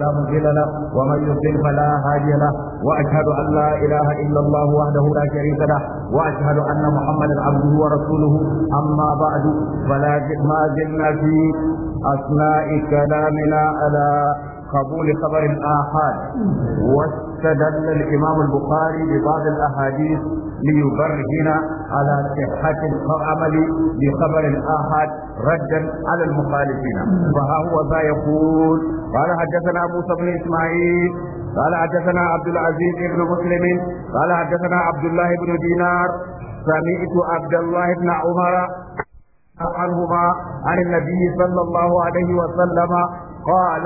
لا مضل له ومن يضلل فلا هادي له واشهد ان لا اله الا الله وحده لا شريك له واشهد ان محمدا عبده ورسوله اما بعد فلا ما زلنا في اثناء كلامنا على قبول خبر الاحاد استدل الإمام البخاري ببعض الأحاديث ليبرهن على صحة العمل بخبر الآحاد ردا على المخالفين فها هو ذا يقول قال حدثنا موسى بن إسماعيل قال حدثنا عبد العزيز بن مسلم قال حدثنا عبد الله بن دينار سمعت عبد الله بن عمر عنهما عن النبي صلى الله عليه وسلم قال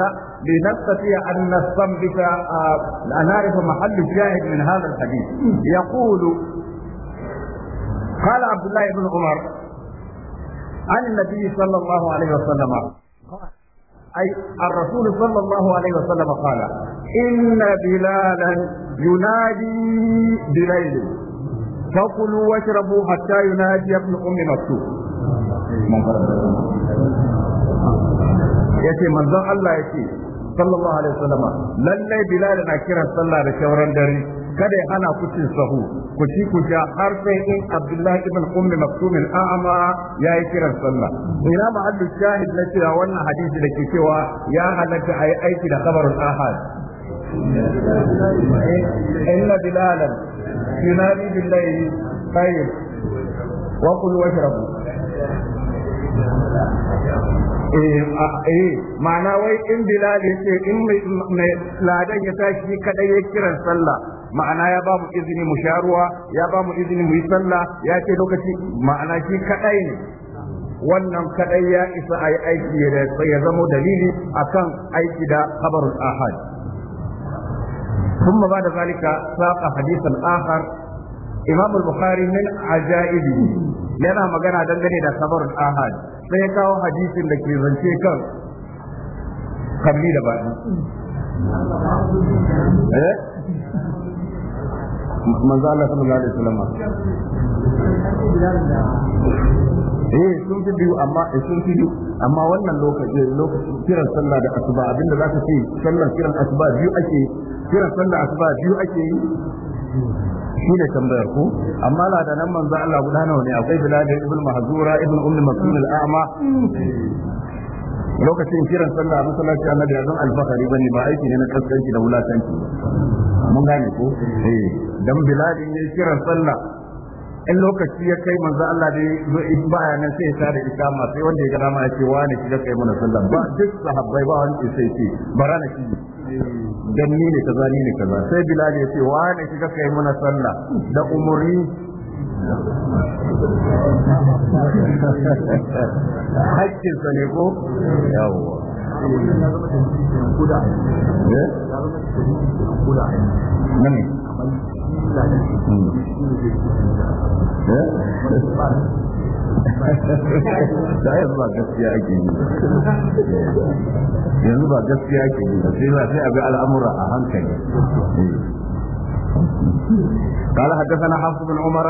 لنستطيع أن نستنبط آه، أن نعرف محل الشاهد من هذا الحديث يقول قال عبد الله بن عمر عن النبي صلى الله عليه وسلم أي الرسول صلى الله عليه وسلم قال إن بلالا ينادي بليل فكلوا واشربوا حتى ينادي ابن أم مكتوب yace manzon Allah yace sallallahu alaihi wasallam lallai bilal na kiran sallah da shauran dare kada ya hana ku cin sahu ku ci ku sha har sai in abdullahi ibn umm maktum al-a'ma yayi kiran sallah ina ma haddu shahid na cewa wannan hadisi da ke cewa ya halatta ayi aiki da kabarul ahad inna bilalan yunadi billahi tayyib wa kul washrabu Eh, eh, ma'ana wai in bilal ya in mai ladan ya tashi kadai ya kiran sallah ma'ana ya ba mu izini mu sharuwa ya ba mu izini mu yi sallah ya ce lokaci ma'ana shi kadai ne wannan kadai ya isa a yi aiki ya zamo dalili akan aiki da khabarul ahad ثم بعد ذلك ساق حديثا آخر إمام البخاري من عجائبه yana magana dangane da خبر ahad sai ya kawo hadisin da ke zance kan kalli da baɗi eh manzo Allah sallallahu alaihi wasallam eh sun fi biyu amma eh sun fi biyu amma wannan lokaci lokaci kiran sallah da asuba abinda zaka ce sallar kiran asuba biyu ake kiran sallah asuba biyu ake yi shi da tambayar ku amma ladanan manzo Allah guda nawa ne akwai bilal ibn mahzura ibn ummi maktum al-a'ma lokacin kiran sallah masallaci annabi ya zan alfahari bane ba aiki ne na kaskanci da wulatanci mun gane ko eh dan bilal ne kiran sallah in lokaci ya kai manzo Allah dai zo in baya nan sai ya da ikama sai wanda ya gana ma ya ce shi da kai mana sallah ba duk sahabbai ba wani sai ce bara shi dan ni ne kaza ni ne kaza sai bilal ya ce wani da kai mana sallah da umurni sa ne ko yawwa eh? ne da yanzu ba gaskiya ake yi yanzu ba gaskiya ake yi sai ba sai a ga al'amura a hankali قال حدثنا حفص بن عمر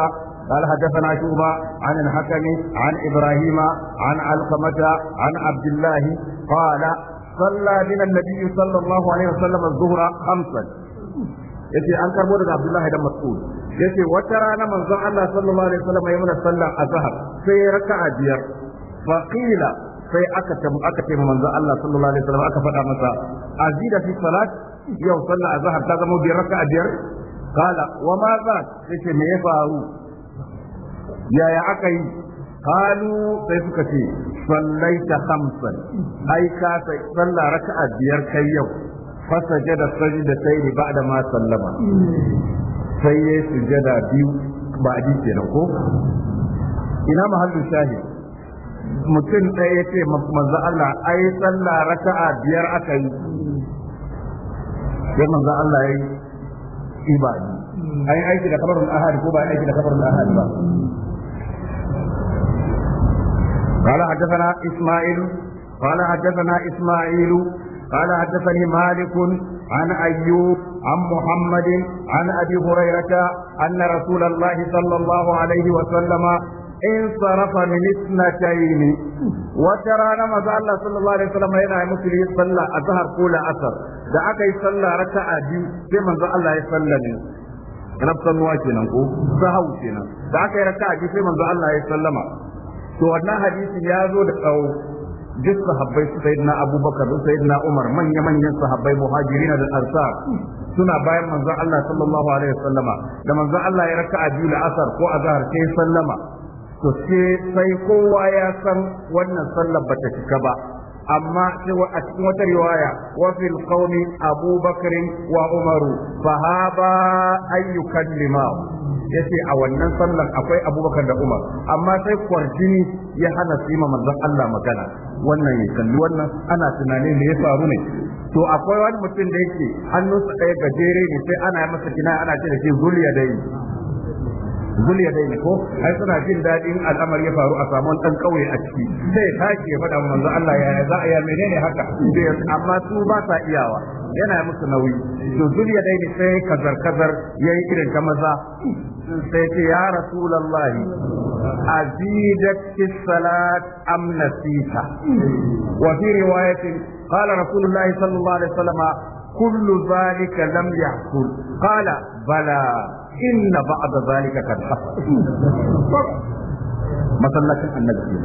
قال حدثنا شعبة عن الحكم عن إبراهيم عن علقمة عن عبد الله قال صلى بنا النبي صلى الله عليه وسلم الظهر خمسا yace an karbo daga Abdullahi dan Mas'ud yace wata rana manzon Allah sallallahu alaihi wasallam ya mana sallar azhar sai raka'a biyar fa qila sai aka tabu aka ce manzon Allah sallallahu alaihi wasallam aka faɗa masa azida fi salat yau sallar azhar ta zama biyar raka'a biyar Kala wa ma za yace me ya faru yaya aka yi قالوا sai suka ce sallaita khamsan ai ka sai sallah raka'a biyar kai yau فسجد سجدتين بعد ما سلم سي سجد بيو بعد كده كو ina mahallin mutum ɗaya ya ce manzo Allah ai sallah raka'a biyar aka yi sai manzo Allah ya yi ibadi ai aiki da kabarul ahad ko ba aiki da kabarul ahad ba قال حدثنا إسماعيل قال حدثنا قال حدثني مالك عن أيوب عن محمد عن أبي هريرة أن رسول الله صلى الله عليه وسلم انصرف من اثنتين وترى نمز الله صلى الله عليه وسلم هنا مسلم صلى الظهر قول أثر da aka yi sallah raka'a biyu sai manzo Allah ya sallame rabsanuwa kenan ko sahau kenan da aka yi raka'a biyu sai manzo Allah ya sallama to wannan hadisin ya zo da tsawo duk sahabbai su sayyidina abubakar su sayyidina umar manya manyan sahabbai muhajirina da ansar suna bayan manzon Allah sallallahu alaihi wasallama da manzon Allah ya raka a biyu asar ko a zahar sai sallama to sai kowa ya san wannan sallar bata cika ba amma cewa a cikin wata riwaya wa fil qawmi abubakar wa umaru fa haba ayyukan limam yace a wannan sallar akwai abubakar da umar amma sai kwarjini ya hana su yi manzon Allah magana wannan ya kalli wannan ana tunanin me ya faru ne to akwai wani mutum da yake hannunsa ɗaya gajere ne sai ana masa kina ana ce da shi zuliya yi zul ya dai ko ai suna jin dadin al'amari ya faru a samu dan kauye a ciki sai tashi ya faɗa manzo Allah ya za a ya menene haka amma su ba sa iyawa yana musu nauyi to zul ya dai sai kazar kazar yayi irin ta maza sai ce ya rasulullahi azidat salat am nasita wa fi riwayatin qala rasulullahi sallallahu alaihi wasallam kullu zalika lam yahsul qala bala inna ba'da zalika kad masallacin annabi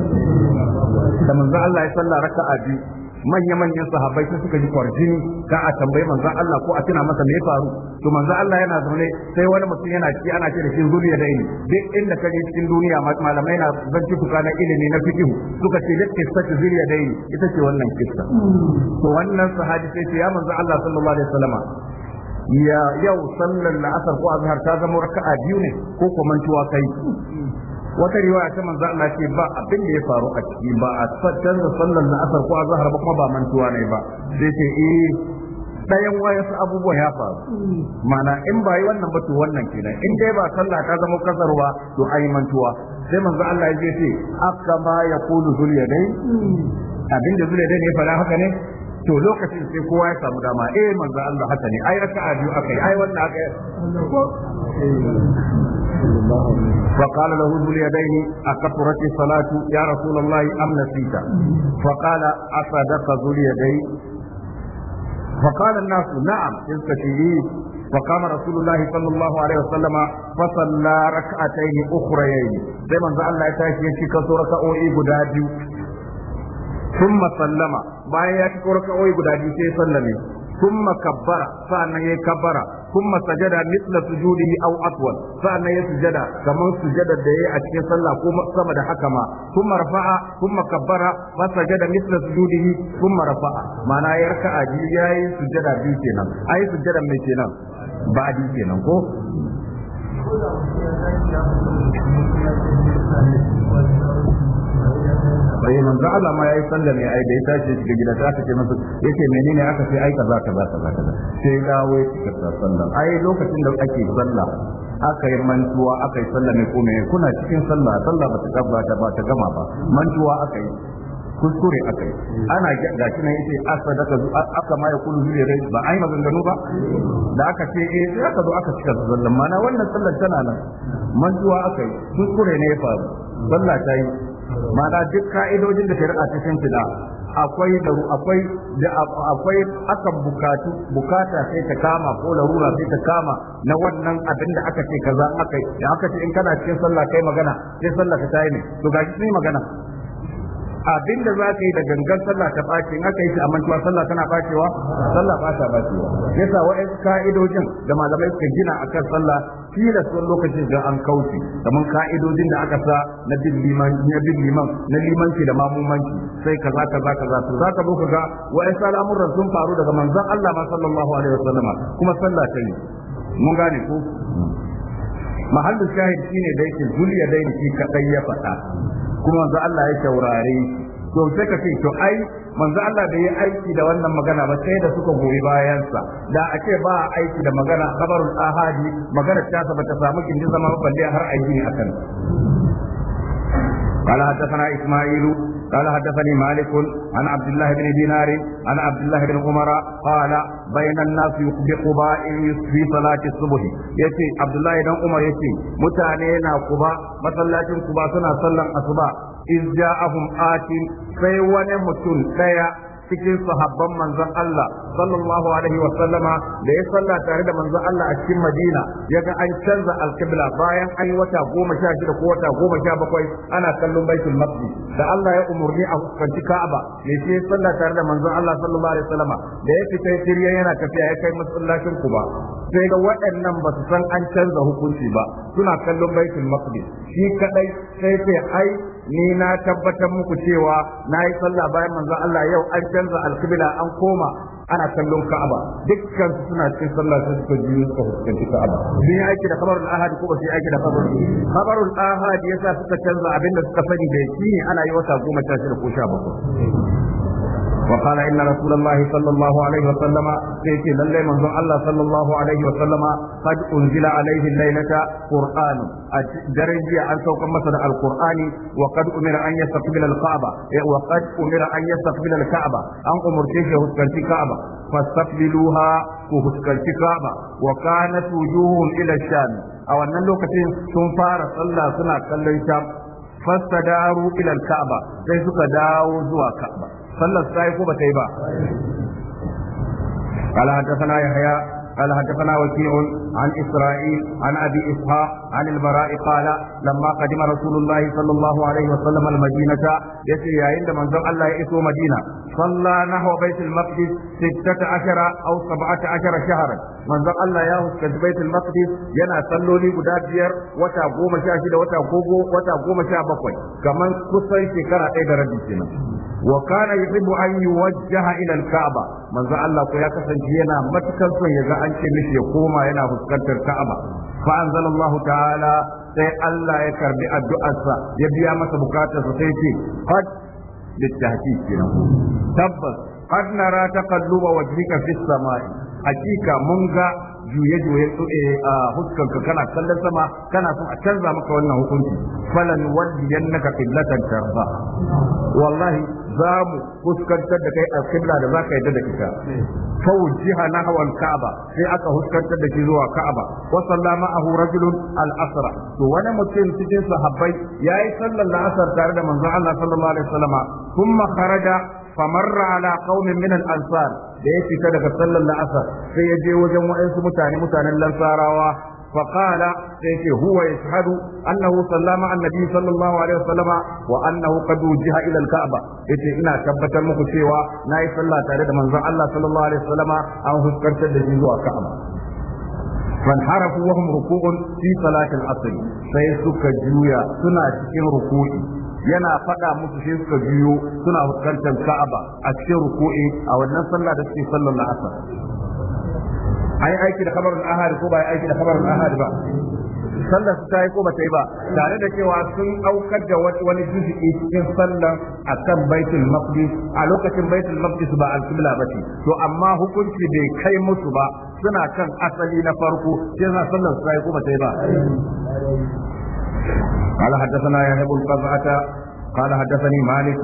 da manzo Allah ya salla raka biyu manya-manyan sahabbai sai suka ji kwarjini ka a tambayi manzon Allah ko a tuna masa me ya faru to manzon Allah yana zaune sai wani mutum yana ci ana ce da shi zuriya da ilimi duk inda ka je cikin duniya malamai na zanci kuka na ilimi na fikihu suka ce da kissa ta zuriya da ilimi ita ce wannan kissa to wannan sahabi sai ce ya manzon Allah sallallahu alaihi wasallama ya yau sallar asar ko azhar ta zama raka'a biyu ne ko ko mantuwa kai wata riwaya ta manzo Allah ce ba abin da ya faru a ciki ba a canza sallar asar ko azhar ba kuma ba mantuwa ne ba sai ce eh dayan wayansu abubuwa ya faru mana in ba yi wannan ba to wannan kenan in dai ba sallah ta zama kasarwa to ayi mantuwa sai manzo Allah ya ce akama yaqulu zul yadai abin da zul yadai ne fara haka ne to lokacin sai kowa ya samu dama eh manzo Allah haka ne ai aka biyu aka ai wannan akai فقال له ذو اليدين أكثرت الصلاة يا رسول الله أم نسيت فقال أصدق ذو اليدين فقال الناس نعم استشهدي فقام رسول الله صلى الله عليه وسلم فصلى ركعتين أخريين زي ما الله يتاشي يشي كسورة أوئي biyu. ثم سلم bayan ya kakawar kawai guda biyu sai sallame kuma kabbara sa'annan ya kabbara kuma sajada mitla sujudi au aswal sa'annan ya sujada kamar sujada da yayi a cikin sallah ko sama da haka ma kuma rafa'a kuma kabbara ba sajada mitla sujudi kuma rafa'a mana ya raka'a biyu yayi sujada biyu kenan ai sujada mai kenan ba biyu kenan ko bai manzo Allah ma yayi sallah ne ai da ya tashi shiga gida ta ce masa yace menene aka sai ai kaza kaza kaza kaza sai dawo ya cika sallah ai lokacin da ake sallah aka yi mantuwa aka yi sallah ne ko me kuna cikin sallah sallah ba ta gaba ba ta gama ba mantuwa aka yi kuskure aka yi ana ga shi nan yace asadaka zu aka ma yakulu zuri rai ba ai maganganu ba da aka ce eh sai aka zo aka cika sallah, mana wannan sallah tana nan mantuwa aka yi kuskure ne ya faru sallah ta yi ma'ana duk ka'idojin da shari'a ta shimfiɗa akwai da akwai da akwai akan bukatu bukata sai ta kama ko larura sai ta kama na wannan abin da aka ce kaza aka yi da aka ce in kana cikin sallah kai magana sai sallah ka tayi ne to gashi sai magana abinda za ka yi da gangan sallah ta ɓace in aka yi shi a mantuwa sallah tana ɓacewa sallah ba ta ɓacewa yasa wa'ansu ka'idojin da malamai suka gina a kan sallah da wani lokacin da an kauce kamar ka'idojin da aka sa na bin liman na limanci da mamumanci sai ka za ka za ka za ka zo ka ga wa'ansu al'amuran sun faru daga manzon Allah ma sallallahu alaihi wasallama kuma sallah ta yi mun gane ko mahallin shahid shine da yake zuliya da yake kadai ya faɗa kuma manzo Allah ya taurare to sai ka ce to ai manzo Allah da ya aiki da wannan magana ba sai da suka goyi bayansa da ake ce ba aiki da magana khabarul ahadi magana ta ba ta samu kin zama balle har aiki akan ta حدثنا isma'ilu قال حدثني مالك عن عبد الله بن دينار عن عبد الله بن عمر قال بين الناس بقباء في صلاة الصبح يتي عبد الله بن عمر يتي متانينا قباء مسلاتين قباء سنة صلى الصبح إذ جاءهم آت sai wani mutum ɗaya cikin sahabban manzon Allah sallallahu alaihi wa sallama da ya salla tare da manzon Allah a cikin Madina ga an canza alqibla bayan an yi wata goma sha shida ko wata goma sha bakwai ana kallon baitul maqdis da Allah ya umurni a fuskanci Ka'aba ne sai ya salla tare da manzon Allah sallallahu alaihi wa sallama da ya fita shirye yana tafiya ya kai masallacin Quba sai ga waɗannan ba su san an canza hukunci ba suna kallon baitul maqdis shi kadai sai sai ai ni na tabbatar muku cewa na yi sallah bayan manzon Allah yau an canza alkibila an koma ana kallon Ka'aba dukkan su suna cikin sallah sai suka juyo suka fuskanci Ka'aba sun yi aiki da kabarul Ahadi ko ba su aiki da kabarul kabarul ahad yasa suka canza abin da suka sani da shi ana yi wata goma sha shida ko sha bakwai وقال إن رسول الله صلى الله عليه وسلم سيتي للي من الله صلى الله عليه وسلم قد أنزل عليه الليلة قرآن درجة عن سوق مثل القرآن وقد أمر أن يستقبل الكعبة وقد أمر أن يستقبل الكعبة أن أمر شيخ الكعبة فاستقبلوها وهسكرت الكعبة وكانت وجوههم إلى الشام أو أن لوكتين سنفار صلى سنة كالليشام فاستداروا إلى الكعبة ليسك داو زوا كعبة sallar ta yi ko ba ta yi ba قال حدثنا يحيى قال حدثنا وكيع عن اسرائيل عن ابي اسحاق عن البراء قال لما قدم رسول الله صلى الله عليه وسلم المدينه يسري عند من الله يئسوا مدينه صلى نحو بيت المقدس ستة عشر او سبعة عشر شهرا manzon Allah ya fuskanci baitul maqdis yana salloli guda biyar wata goma sha shida wata gogo wata goma sha bakwai kamar kusan shekara ɗaya da rabi kenan wa kana yuhibbu an yuwajjaha ila al-ka'ba manzon Allah ko ya kasance yana matukar son ya ga an ce mishi ya koma yana fuskantar ka'aba fa anzalallahu ta'ala sai Allah ya karbi addu'arsa ya biya masa bukatarsa sai ce qad للتهكيك tabbas قد نرى تقلب وجهك في السماء hakika mun ga juye juye eh, a huskan kana kallon sama kana son a canza maka wannan hukunci falan naka qiblatan tarda wallahi za mu fuskantar da kai alqibla da zaka yadda da ita na hawan ka'aba sai aka huskantar da shi zuwa ka'aba wa sallama ahu rajulun al-asra to wani mutum cikin sahabbai yayi sallar la'asar tare da manzon Allah sallallahu alaihi wasallama kuma kharaja famarra ala qaumin min al-ansar da ya fita daga sallar la'asar sai ya je wajen wa'ansu mutane mutanen lansarawa فقال سيك هو يشهد أنه صلى مع النبي صلى الله عليه وسلم وأنه قد وجه إلى الكعبة إتي إنا كبت المكسيوة ناي صلى تارد من الله صلى الله عليه وسلم أو هسكر تدجي كعبة فانحرفوا وهم ركوع في صلاة العصر سيسك جويا سنة ركوعي yana faɗa musu sai suka biyo suna fuskantar Ka'aba a cikin ruku'i a wannan sallah da suke sallar la'asar ai aiki da khabarul ahad ko ba ai aiki da khabarul ahad ba sallar su ta yi ko ba ta yi ba tare da cewa sun aukar da wani juz'i cikin sallar a kan baitul maqdis a lokacin baitul maqdis ba al-qibla ba ce to amma hukunci bai kai musu ba suna kan asali na farko sai na sallar su ta yi ko ba ta yi ba قال حدثنا يحيى بن قزعة قال حدثني مالك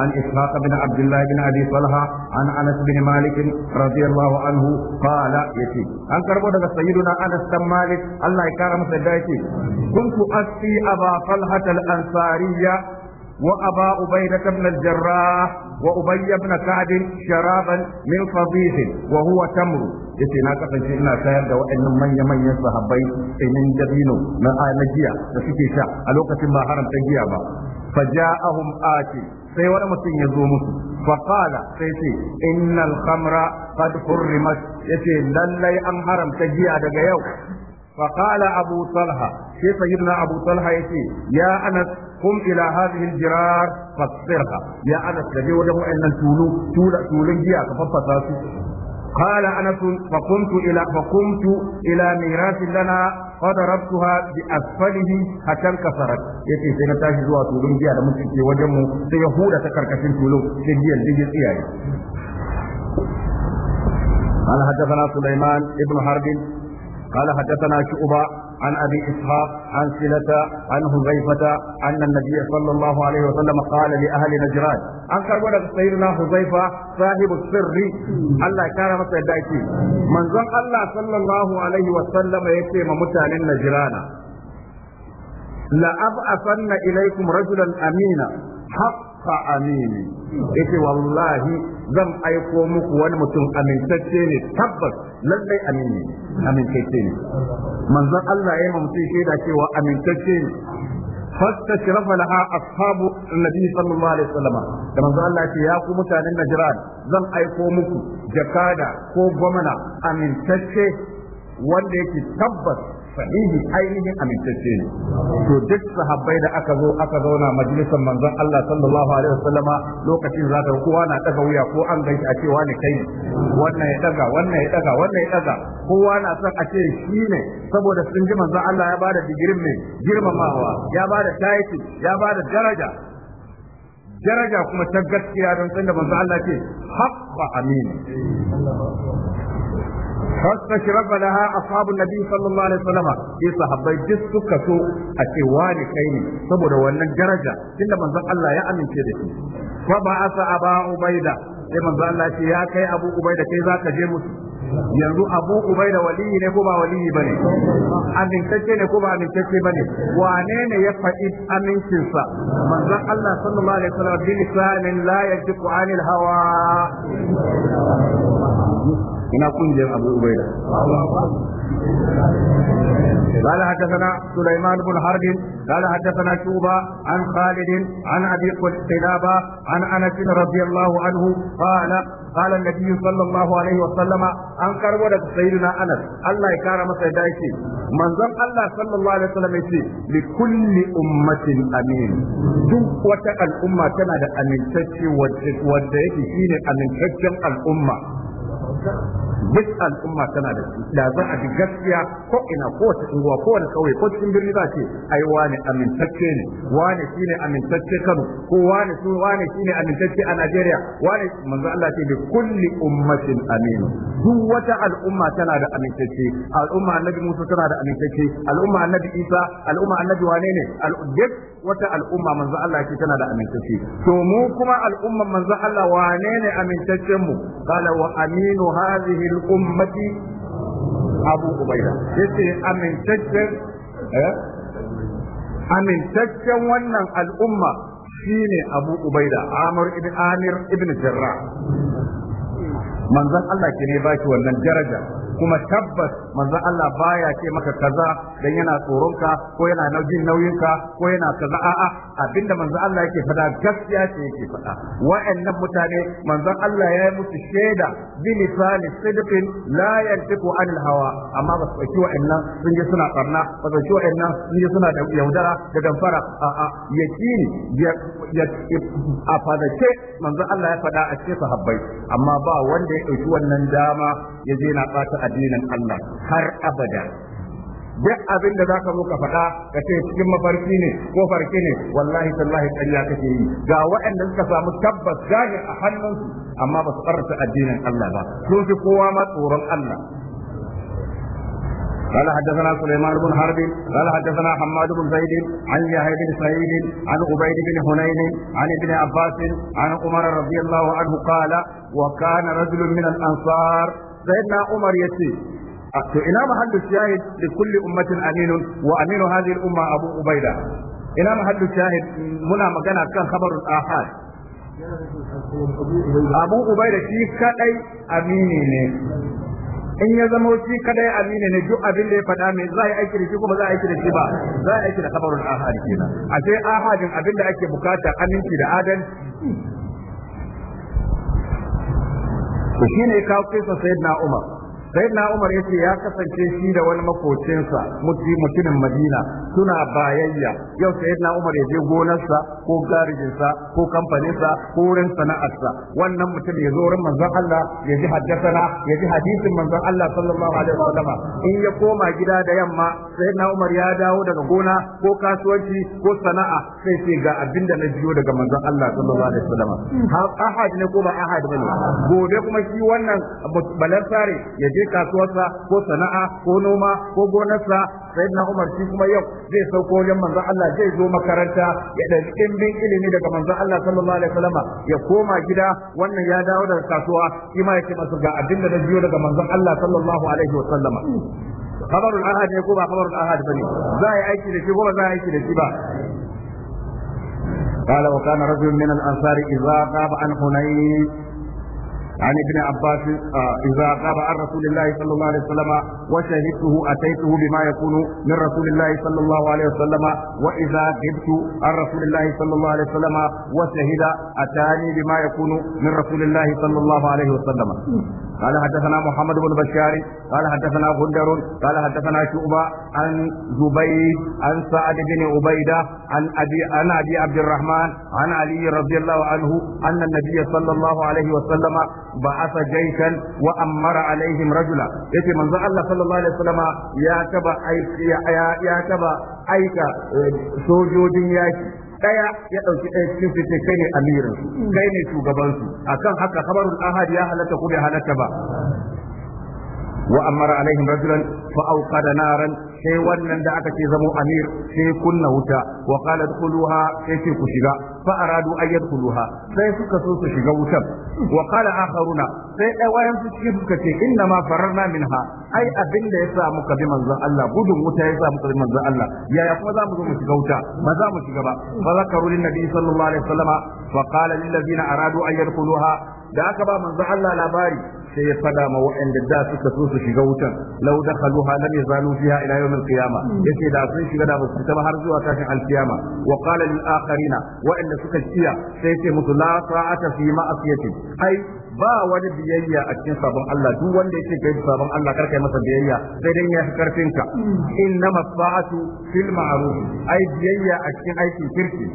عن اسحاق بن عبد الله بن ابي طلحه عن انس بن مالك رضي الله عنه قال يتي ان كربو daga سيدنا انس بن مالك الله يكرمه سدايتي كنت اسقي ابا طلحه الانصاريه وأبا عبيدة بن الجراح وأبي بن كعب شرابا من فضيح وهو تمر yace na kasance ina sayar da waɗannan manya-manyan sahabbai tsinin dabino na na giya da suke sha a lokacin ba haramta giya ba fa ja'ahum ati sai wani mutum ya zo musu fa qala sai ce innal khamra qad hurrimat yace lallai an haramta giya daga yau فقال أبو طلحة كيف سيدنا أبو طلحة يتي يا أنس قم إلى هذه الجرار فاكسرها يا أنس لدي وجهه أن تولو تولا تولن جيا قال أنس فقمت إلى فقمت إلى ميراث لنا فضربتها بأسفله حتى انكسرت يتي سينا تاشي زوا تولن جيا لمن تكي وجمه سيهودة تكركسين تولو سيجيا لجيا إياه قال حدثنا سليمان ابن حرب قال حدثنا شعبة عن أبي إسحاق عن سلة عن هزيفة أن النبي صلى الله عليه وسلم قال لأهل نجران أنكر ولد سيدنا هزيفة صاحب السر الله كان مسيدايتي من ذن الله صلى الله عليه وسلم يتيم متان النجران لأبعثن إليكم رجلا أمينا حق أمين إيه والله zan aiko muku wani mutum amintacce ne tabbas lallai amini ne amintacce ne manzon Allah ya yi mutum shaida cewa amintacce ne shirafa laha ashabu اصحاب sallallahu alaihi wasallam da manzon Allah ya ce ya ku mutanen Najran zan aiko muku jakada ko gwamna amintacce wanda yake tabbas sahihi ainihin amintacce ne to duk sahabbai da aka zo aka zauna majalisar manzon Allah sallallahu alaihi wasallama lokacin zaka kowa na daga wuya ko an gaishe a cewa ne kai wannan ya daga wannan ya daga wannan ya daga kowa na son a ce shi ne saboda sun ji manzon Allah ya bada digirin mai girmamawa ya bada title ya bada daraja daraja kuma ta gaskiya don sanda manzon Allah ce haqqa amin فاستشرف لها أصحاب النبي صلى الله عليه وسلم في صحابي جس كسو أتواني كيني سبب وانا الدرجة إلا من ذا الله يأمن كده فبعث أبا عبيدة sai manzo Allah ce ya kai Abu Ubaida kai zaka je musu yanzu abu ubai da waliyi ne ko ba waliyi bane amintacce ne ko ba amintacce ne? wane ne ya faɗi amincinsa manzon Allah sallallahu alaihi wasallam bi lisanin la yajiku anil hawa ina kungiyar abu ubai da قال حدثنا سليمان بن حرب قال حدثنا شوبة عن خالد عن أبي قلابة عن أنس رضي الله عنه قال قال النبي صلى الله عليه وسلم an karbo daga sayyidina Anas Allah ya kara masa da yake manzon Allah sallallahu alaihi wasallam yace li kulli ummatin amin duk wata al'umma tana da amintacce wanda yake shine amintaccen al'umma duk al'umma tana da shi da za a ji gaskiya ko ina ko wata unguwa ko wani kauye ko cikin birni za ce ai wane amintacce ne wane shine amintacce Kano ko wane su wane shine amintacce a Najeriya wane manzo Allah ce bi kulli ummatin aminu duk wata al'umma tana da amintacce al'umma annabi Musa tana da amintacce al'umma annabi Isa al'umma annabi wane ne duk wata al'umma manzo Allah yake tana da amintacce to mu kuma al'umma manzo Allah wane ne amintaccen mu Kala wa aminu hadhihi al-ummati Abu Ubaida yace amintaccen eh amintaccen wannan al'umma shine Abu Ubaida Amr ibn Amir ibn Jarrah Allah ke ne ba shi wannan daraja kuma tabbas manzon Allah baya ce maka kaza dan yana tsoronka ko yana naujin nauyinka ko yana kaza a'a abinda manzon Allah yake fada gaskiya ce yake fada wa'annan mutane manzon Allah ya yi musu shaida bi lisani sidqin la yantiqu anil hawa amma ba su ɗauki wa'annan sun je suna barna ba su ɗauki wa'annan sun je suna yaudara da gamfara a'a yaqini ya a fadace manzon Allah ya fada a cikin sahabbai amma ba wanda ya ɗauki wannan dama ya je na ɓata addinin Allah har abada duk abin da zaka zo ka faɗa ka ce cikin mafarki ne ko farki ne wallahi tallahi ƙarya kake yi ga waɗanda suka samu tabbas zahir a hannunsu amma ba su karanta addinin Allah ba sun fi kowa ma tsoron Allah قال حدثنا سليمان بن حرب قال حدثنا حماد بن زيد عن يحيى بن سعيد عن عبيد بن حنين عن ابن عباس عن عمر رضي الله عنه قال وكان رجل من الانصار sayyidina Umar yace to ina mahallu shahid li kulli ummatin aminun wa aminu hadhihi al-umma Abu Ubaida ina mahallu shahid muna magana kan khabarul ahad Abu Ubaida shi kadai amini ne in ya zama shi kadai amini ne duk abin da ya faɗa mai za a yi aiki da shi kuma za a aiki da shi ba za a aiki da kabarun ahad kenan a sai ahadin abin da ake bukata aminci da adalci to shine ka kai sa sayyidina Umar na umar ce ya kasance shi da wani makocinsa mutumin madina suna bayayya yau na umar ya je gonarsa ko garijinsa ko kamfaninsa ko wurin sana'arsa wannan mutum ya zo wurin manzon Allah ya ji haddasana ya ji hadisin manzon Allah sallallahu alaihi wasallam in ya koma gida da yamma na umar ya dawo daga gona ko kasuwanci ko sana'a sai ce ga abin da na biyo daga manzon Allah sallallahu alaihi wasallam ahad ne ko ba ahad bane gobe kuma shi wannan balansare sare ya je kasuwarsa ko sana'a ko noma ko gonarsa sayyidina Umar shi kuma yau zai sauko wajen manzon Allah zai zo makaranta ya ɗauki ɗimbin ilimi daga manzon Allah sallallahu alaihi wasallam ya koma gida wannan ya dawo daga kasuwa shi ma yake masa ga abin da na biyo daga manzon Allah sallallahu alaihi wasallam khabarul ahad ne ko ba khabarul ahad bane za a yi aiki da shi ko ba za a yi aiki da shi ba قال وكان رجل من الأنصار إذا غاب عن حنين عن ابن عباس إذا غاب عن رسول الله صلى الله عليه وسلم وشهدته أتيته بما يكون من رسول الله صلى الله عليه وسلم وإذا غبت عن رسول الله صلى الله عليه وسلم وشهد أتاني بما يكون من رسول الله صلى الله عليه وسلم قال حدثنا محمد بن بشار قال حدثنا غندر قال حدثنا شعبة عن زبيد عن سعد بن عبيدة عن أبي عن أبي عبد الرحمن عن علي رضي الله عنه أن النبي صلى الله عليه وسلم بعث جيشا وأمر عليهم رجلا يتي من الله صلى الله عليه وسلم يا كبا أيك يا يا كبا أيك سوجودين ياكي daya ya dauki ɗaya cikin su kai ne amirin kai ne shugaban su akan haka khabarul ahad ya halatta ko bai halatta ba wa amara alaihim rajulan fa awqada naran sai wannan da aka ce zamo amir sai kunna wuta wa qala dkhuluha sai ku shiga fa aradu an yadkhuluha sai suka so su shiga wutar wa qala akharuna sai dai wayan su cikin suka ce inna ma farar fararna minha ai abinda ya yasa muka bi manzon Allah gudun wuta yasa muka bi manzon Allah yaya kuma za mu zo mu shiga wuta ba za mu shiga ba fa zakaru lin nabi sallallahu alaihi wasallama fa qala lil ladina aradu an yadkhuluha da aka ba manzo Allah labari sai ya fada ma waɗanda da suka so su shiga wutan law dakhaluha lam yazalu fiha ila yawm al-qiyamah yace da sun shiga da su ta har zuwa tashin al-qiyama wa qala lil waɗanda suka kiya sai ce musu la sa'ata fi ma'asiyati ai ba wani biyayya a cikin sabon Allah duk wanda yake kai sabon Allah karka yi masa biyayya sai dan ya fi karfin ka inna masfa'atu fil ma'ruf ai biyayya a cikin aikin kirki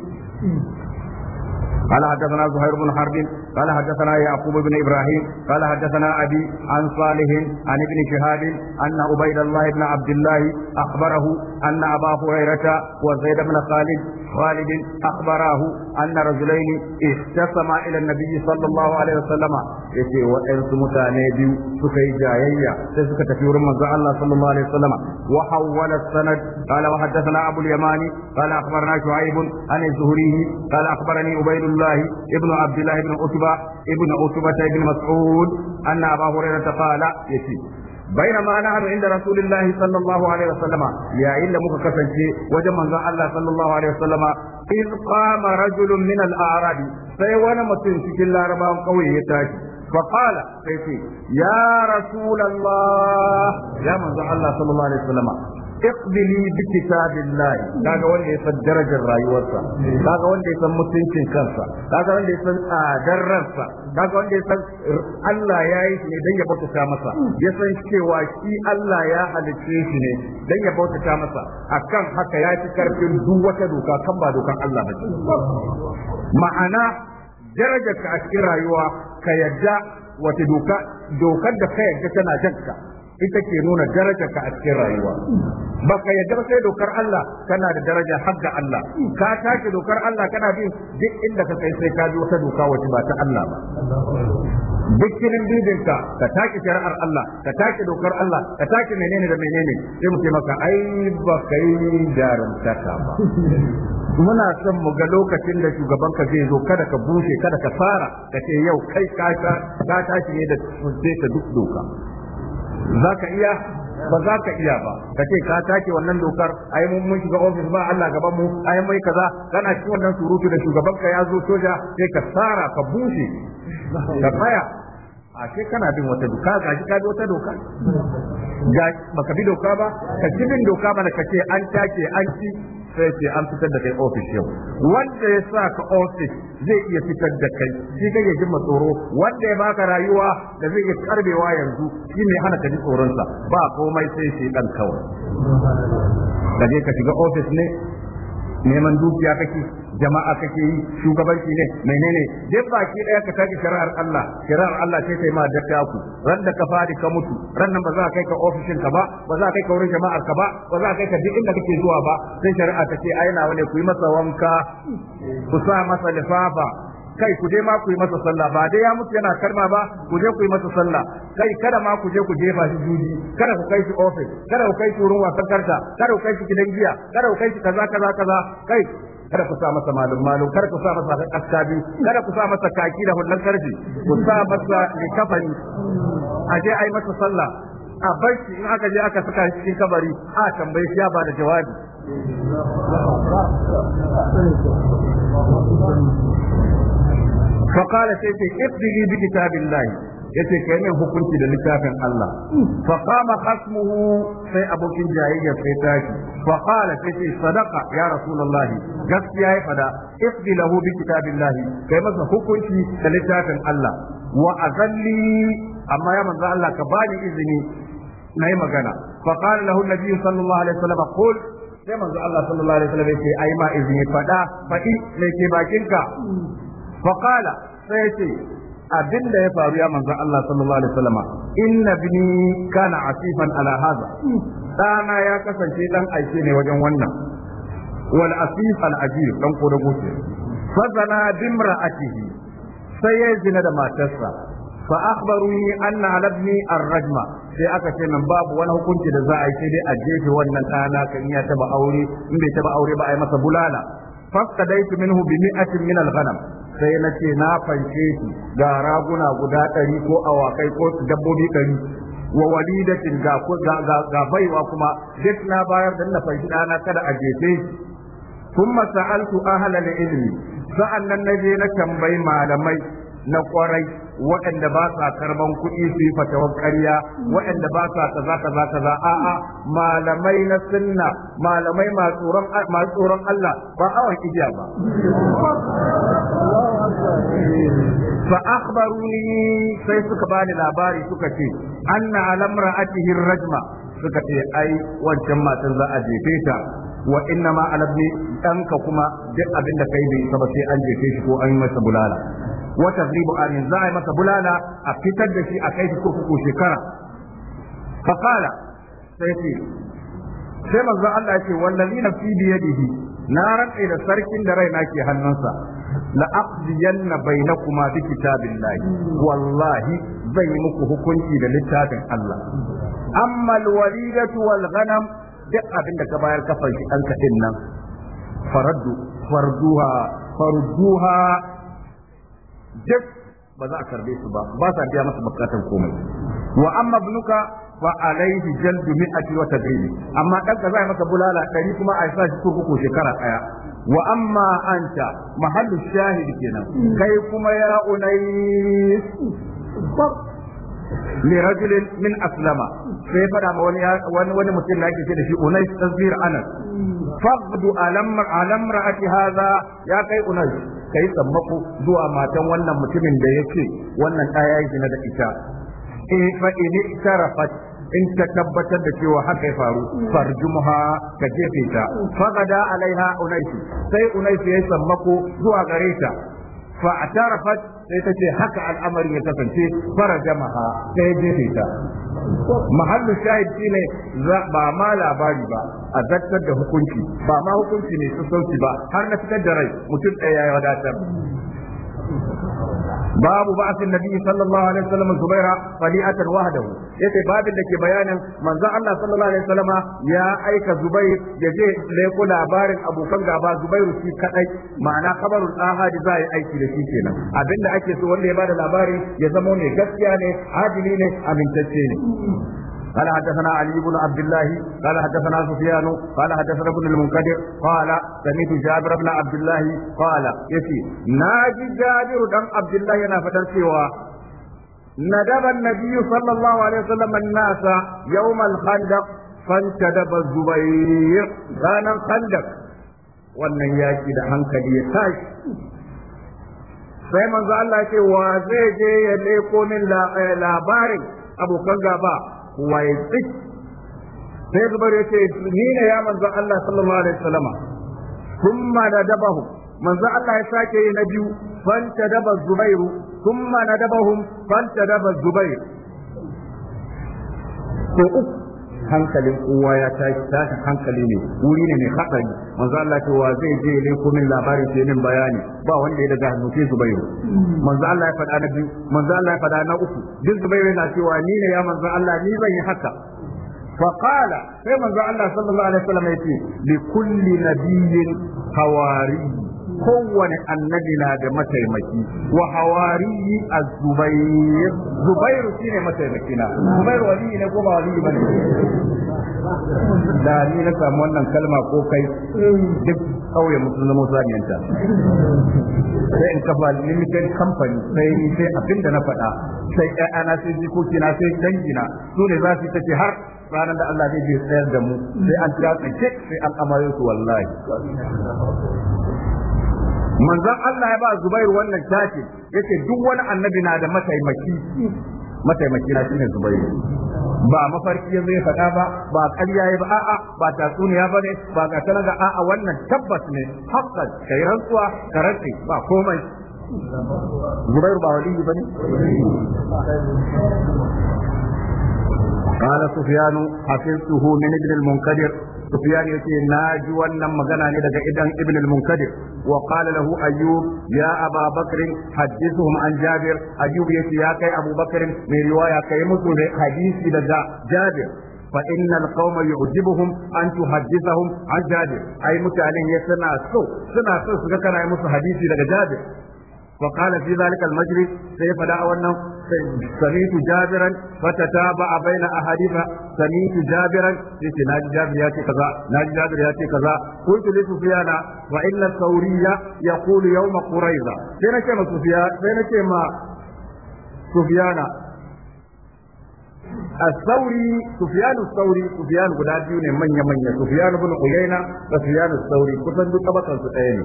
قال حدثنا زهير بن حرب قال حدثنا يعقوب بن ابراهيم قال حدثنا ابي عن صالح عن ابن شهاب ان عبيد الله بن عبد الله اخبره ان ابا هريره وزيد بن خالد خالد اخبراه ان رجلين اختصما الى النبي صلى الله عليه وسلم yace waɗansu mutane biyu suka yi jayayya sai suka tafi wurin manzo Allah sallallahu alaihi wasallam wa hawwala sanad qala wa haddathana abu al-yamani qala akhbarana shu'aib an az qala akhbarani ubayd الله ابن عبد الله بن عتبة ابن عتبة بن مسعود أن أبا هريرة قال يتي بينما نحن عند رسول الله صلى الله عليه وسلم يا إلا مكفن وجمع الله صلى الله عليه وسلم إذ قام رجل من الأعراب سيوانا متن في الأربعة قوي يتاجي فقال سيتي يا رسول الله يا من الله صلى الله عليه وسلم iqdili bi kitabillah kaga wanda ya san darajar rayuwarsa kaga wanda ya san mutuncin kansa kaga wanda ya san tsadar ransa kaga wanda ya san Allah ya yi shi ne dan ya bauta masa ya san cewa shi Allah ya halicce shi ne dan ya bauta masa akan haka ya fi karfin duk wata doka kan ba dokan Allah ba ma'ana darajar ka a cikin rayuwa ka yadda wata doka dokar da ka yadda tana janka ita ke nuna daraja ka a cikin rayuwa ba ka yadda sai dokar Allah kana da daraja har ga Allah ka tashi dokar Allah kana bin duk inda ka kai sai ka ji wata doka wace ba ta Allah ba duk kirin bibinka ka take shari'ar Allah ka take dokar Allah ka take menene da menene sai mu ce maka ai ba kai ka ba muna son mu ga lokacin da shugaban ka zai zo kada ka bushe kada ka fara ka ce yau kai ka tashi ne da sai ka duk doka za ka iya ba za ka iya ba ka ce ka take wannan dokar ai mun mun shiga ofis ba Allah gaban mu ai mai kaza kana shi wannan surutu da shugaban ka ya zo soja sai ka tsara ka bushe ka tsaya a kana bin wata doka ga shi ka bi wata doka ga baka bi doka ba ka ci bin doka ba ka ce an take an ci sai ce an fitar da kai ofis yau wanda ya sa ka ofis zai iya fitar da kai shi kai ya jima tsoro wanda ya baka rayuwa da zai iya karbewa yanzu shi ne hana ka ji tsoronsa ba komai sai shi dan kawai ka je ka shiga ofis ne neman dukiya kake jama'a kake yi shugabanci ne menene duk baki daya ka tafi shari'ar Allah shari'ar Allah ce kai ma dadda ku ran da ka fadi ka mutu ran nan ba za kai ka ofishin ka ba ba za kai ka wurin jama'ar ka ba ba za kai ka duk inda kake zuwa ba sai shari'a ta ce ai na wani ku yi masa wanka ku sa masa lifafa kai ku je ma ku yi masa sallah ba dai ya mutu yana karma ba ku je ku yi masa sallah kai kada ma ku je ku jefa shi juji kada ku kai shi office kada ku kai shi wurin wasan karta kada ku kai shi gidan giya kada ku kai shi kaza kaza kaza kai kada ku sa masa malum malum kada ku sa masa kaska biyu kada ku sa masa kaki da hullar karfi ku sa masa likafani a je ai masa sallah a bar shi in aka je aka saka shi cikin kabari a tambaye shi ya ba da jawabi فقال سيدي ابدلي بكتاب الله yace kai min hukunci da littafin Allah fa qama khasmuhu sai abokin jayayya sai taki fa qala sai ce sadaqa ya rasulullah gaskiya ya fada ifdi lahu bi kitabillah kai masa hukunci da littafin Allah wa azalli amma ya manzo Allah ka bani izini nayi magana fa qala lahu nabi sallallahu alaihi wasallam qul sai manzo Allah sallallahu alaihi wasallam yace ai ma izini fada fadi mai ke bakinka fa qala sai yace abin da ya faru ya manza Allah sallallahu alaihi wasallam inna bini kana asifan ala hadha dana ya kasance dan aike ne wajen wannan wal asif al ajib dan ko da goce fa bimra'atihi sai ya zina da matarsa fa akhbaruni anna alabni ar-rajma sai aka ce nan babu wani hukunci da za a yi sai dai a jefe wannan dana kan ya taba aure in bai taba aure ba a yi masa bulala fasqadaitu منه bi mi'atin min sai na ce na fanke shi ga raguna guda ɗari ko awakai ko dabbobi ɗari wa walidatin ga ga baiwa kuma duk na bayar da na fanshi ɗana kada a jefe kuma sa'altu ilimi, sa'an nan na je na tambayi malamai na kwarai waɗanda ba sa karban kuɗi su yi fatawar ƙarya waɗanda ba sa kaza kaza kaza a'a malamai na sunna malamai masu tsoron Allah ba awon igiya ba fa akhbaruni sai suka bani labari suka ce anna alamra atihi rajma suka ce ai wancan matan za a jefe ta wa inna ma alabni danka kuma duk abin da kai bai ba sai an jefe shi ko an yi masa bulala wa tadribu anin za a masa bulala a fitar da shi a kai shi kurkuku shekara fa sai ce sai manzo Allah ce na fi biyadihi na rantsa da sarkin da raina ke hannunsa la aqdiyanna bainakuma fi kitabillahi wallahi zai yi muku hukunci da littafin Allah amma alwalidatu wal ghanam duk abin da ka bayar kafar shi an kadin nan farduha farduha duk ba za a karbe su ba ba sa biya masa bukatar komai wa amma ibnuka fa alaihi jaldu mi'ati wa tadrimi amma dan ka zai masa bulala dari kuma a sa shi kurkuku shekara daya wa amma anta mahallu shahid kenan kai kuma ya unai لرجل من أسلم sai faɗa ma wani wani mutum yake ake ce da shi Unais Anas faqdu ra'ati hadha ya kai unai kai sammako zuwa matan wannan mutumin da yake wannan ɗaya yi na da ita in fa in tarafat in ta tabbatar da cewa haka ya faru farjumha ka jefe ta faqada alaiha unai sai unai ya sammako zuwa gare ta fa atarafat sai ta ce haka al'amari ya kasance farajamaha sai jefe ta mahallin shahid shine ba ma labari ba a zartar da hukunci ba ma hukunci ne su sauki ba har na fitar da rai mutum ɗaya ya wadatar babu ba'sin nabi sallallahu alaihi wasallam zubaira fali'atan wahdahu yace babin da ke bayanin manzon Allah sallallahu ya aika Zubairu ya je leko labarin abokan gaba zubairu shi kadai ma'ana kabarul ahadi za a yi aiki da shi kenan abinda ake so wanda ya bada labari ya zama mai gaskiya ne adili ne amintacce ne قال حدثنا علي بن عبد الله قال حدثنا سفيان قال حدثنا ابن المنكدر قال سمعت جابر بن عبد الله قال يتي ناجي جابر بن عبد الله yana fatar cewa ندب النبي صلى الله عليه وسلم الناس يوم الخندق فانتدب الزبير كان الخندق wannan yaki da hankali ya tashi sai manzo Allah ya ce wa zai je ya leko min labarin abokan gaba wa tsik sai zubar ce ni ne ya manzo Allah sallallahu alaihi wasallama thumma nadabahu manzo Allah ya sake yi na biyu fanta daba zubairu thumma nadabahum fanta daba zubairu ko uku hankalin kowa ya tashi tashin hankali ne wuri ne mai hatsari manzo Allah ce wa zai je ne ko min labarin ce min bayani ba wanda ya daga hannu sai Zubairu manzo Allah ya faɗa na biyu manzo Allah ya faɗa na uku duk Zubairu yana cewa ni ne ya manzo Allah ni zan yi haka sai manzo Allah sallallahu alaihi wasallam ya ce li kulli nabiyyin حواري kowane annabi na da mataimaki wa hawari az zubayr zubairu shine mataimaki na zubayr wali ne ko ba wali bane da ni na samu wannan kalma ko kai duk kauye mutum zama yanta. sai in kafa limited company sai ni sai abinda na faɗa sai ƴaƴana sai jikokina sai dangina su ne za su tafi har ranar da Allah zai je tsayar da mu sai an tsaya tsake sai an amare su wallahi manzon Allah ya ba Zubair wannan ya yace duk wani annabi na da mataimaki mataimaki na shine Zubair ba mafarki ya zai faɗa ba ba ƙarya ya ba a'a ba tatsuniya ba ne ba ga talaga a'a wannan tabbas ne haƙƙan kai rantsuwa ka ba komai Zubair ba wali ba ne قال سفيان حفظته من ابن المنكدر سفيان يتي ناجي وانا مغنى لدى إذن ابن المنكدر وقال له أيوب يا أبا بكر حدثهم عن جابر أيوب يتي يا كي أبو بكر من رواية كيمس حديثي لدى جابر فإن القوم يعجبهم أن تحدثهم عن جابر أي متعلن يسنى سو سنى سو سكنا يمس حديثي لدى جابر وقال في ذلك المجلس سيف دعوة سميت جابرا فتتابع بين أحدهما سميت جابرا قلت ناجي جابر ياتي كذا ناجي جابر ياتي كذا قلت لسفيان وإلا الثورية يقول يوم قريظة سينك كما سفيان سينك ما سفيان الثوري sauri, الثوري سفيان غدا biyu ne manya manya Sufyan ibn Uyayna da Sufyan al-Thawri kusan duk tabakan ɗaya ne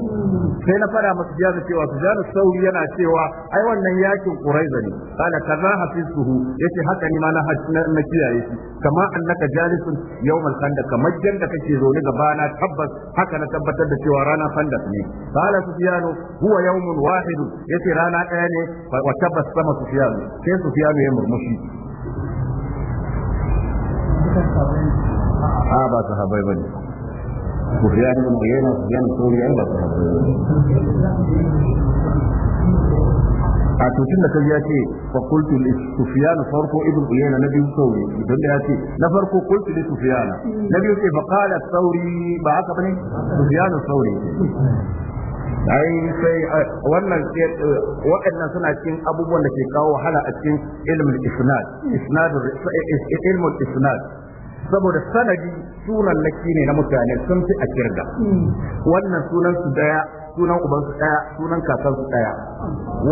sai na fara masa jaza cewa Sufyan al sauri yana cewa ai wannan yakin Quraiza ne kana kaza hafisuhu yace haka ni ma na na kiyaye shi kama annaka jalisun yawmal khandaq kamar yanda kake zaune ga na tabbas haka na tabbatar da cewa rana khandaq ne kana Sufyan huwa yawmun wahid yace rana ɗaya ne wa tabbas sama Sufyan sai Sufyan ya murmushi a ah, ba su habai bane Sufyan ibn Uyayna Sufyan Thawri ai ba su habai a tutun da kaji ya ce fa qultu li sufyan farko ibn uyayna na biyu sauri idan da ya ce na farko qultu li sufyan na biyu ce fa qala sauri ba haka ba bane sufyan sauri ai sai wannan waɗannan suna cikin abubuwan da ke kawo wahala a cikin ilmin isnad isnadul ilmul isnad saboda sanadi sunan laki ne na mutane sun fi a kirga wannan sunan su daya sunan uban su daya sunan kakan su daya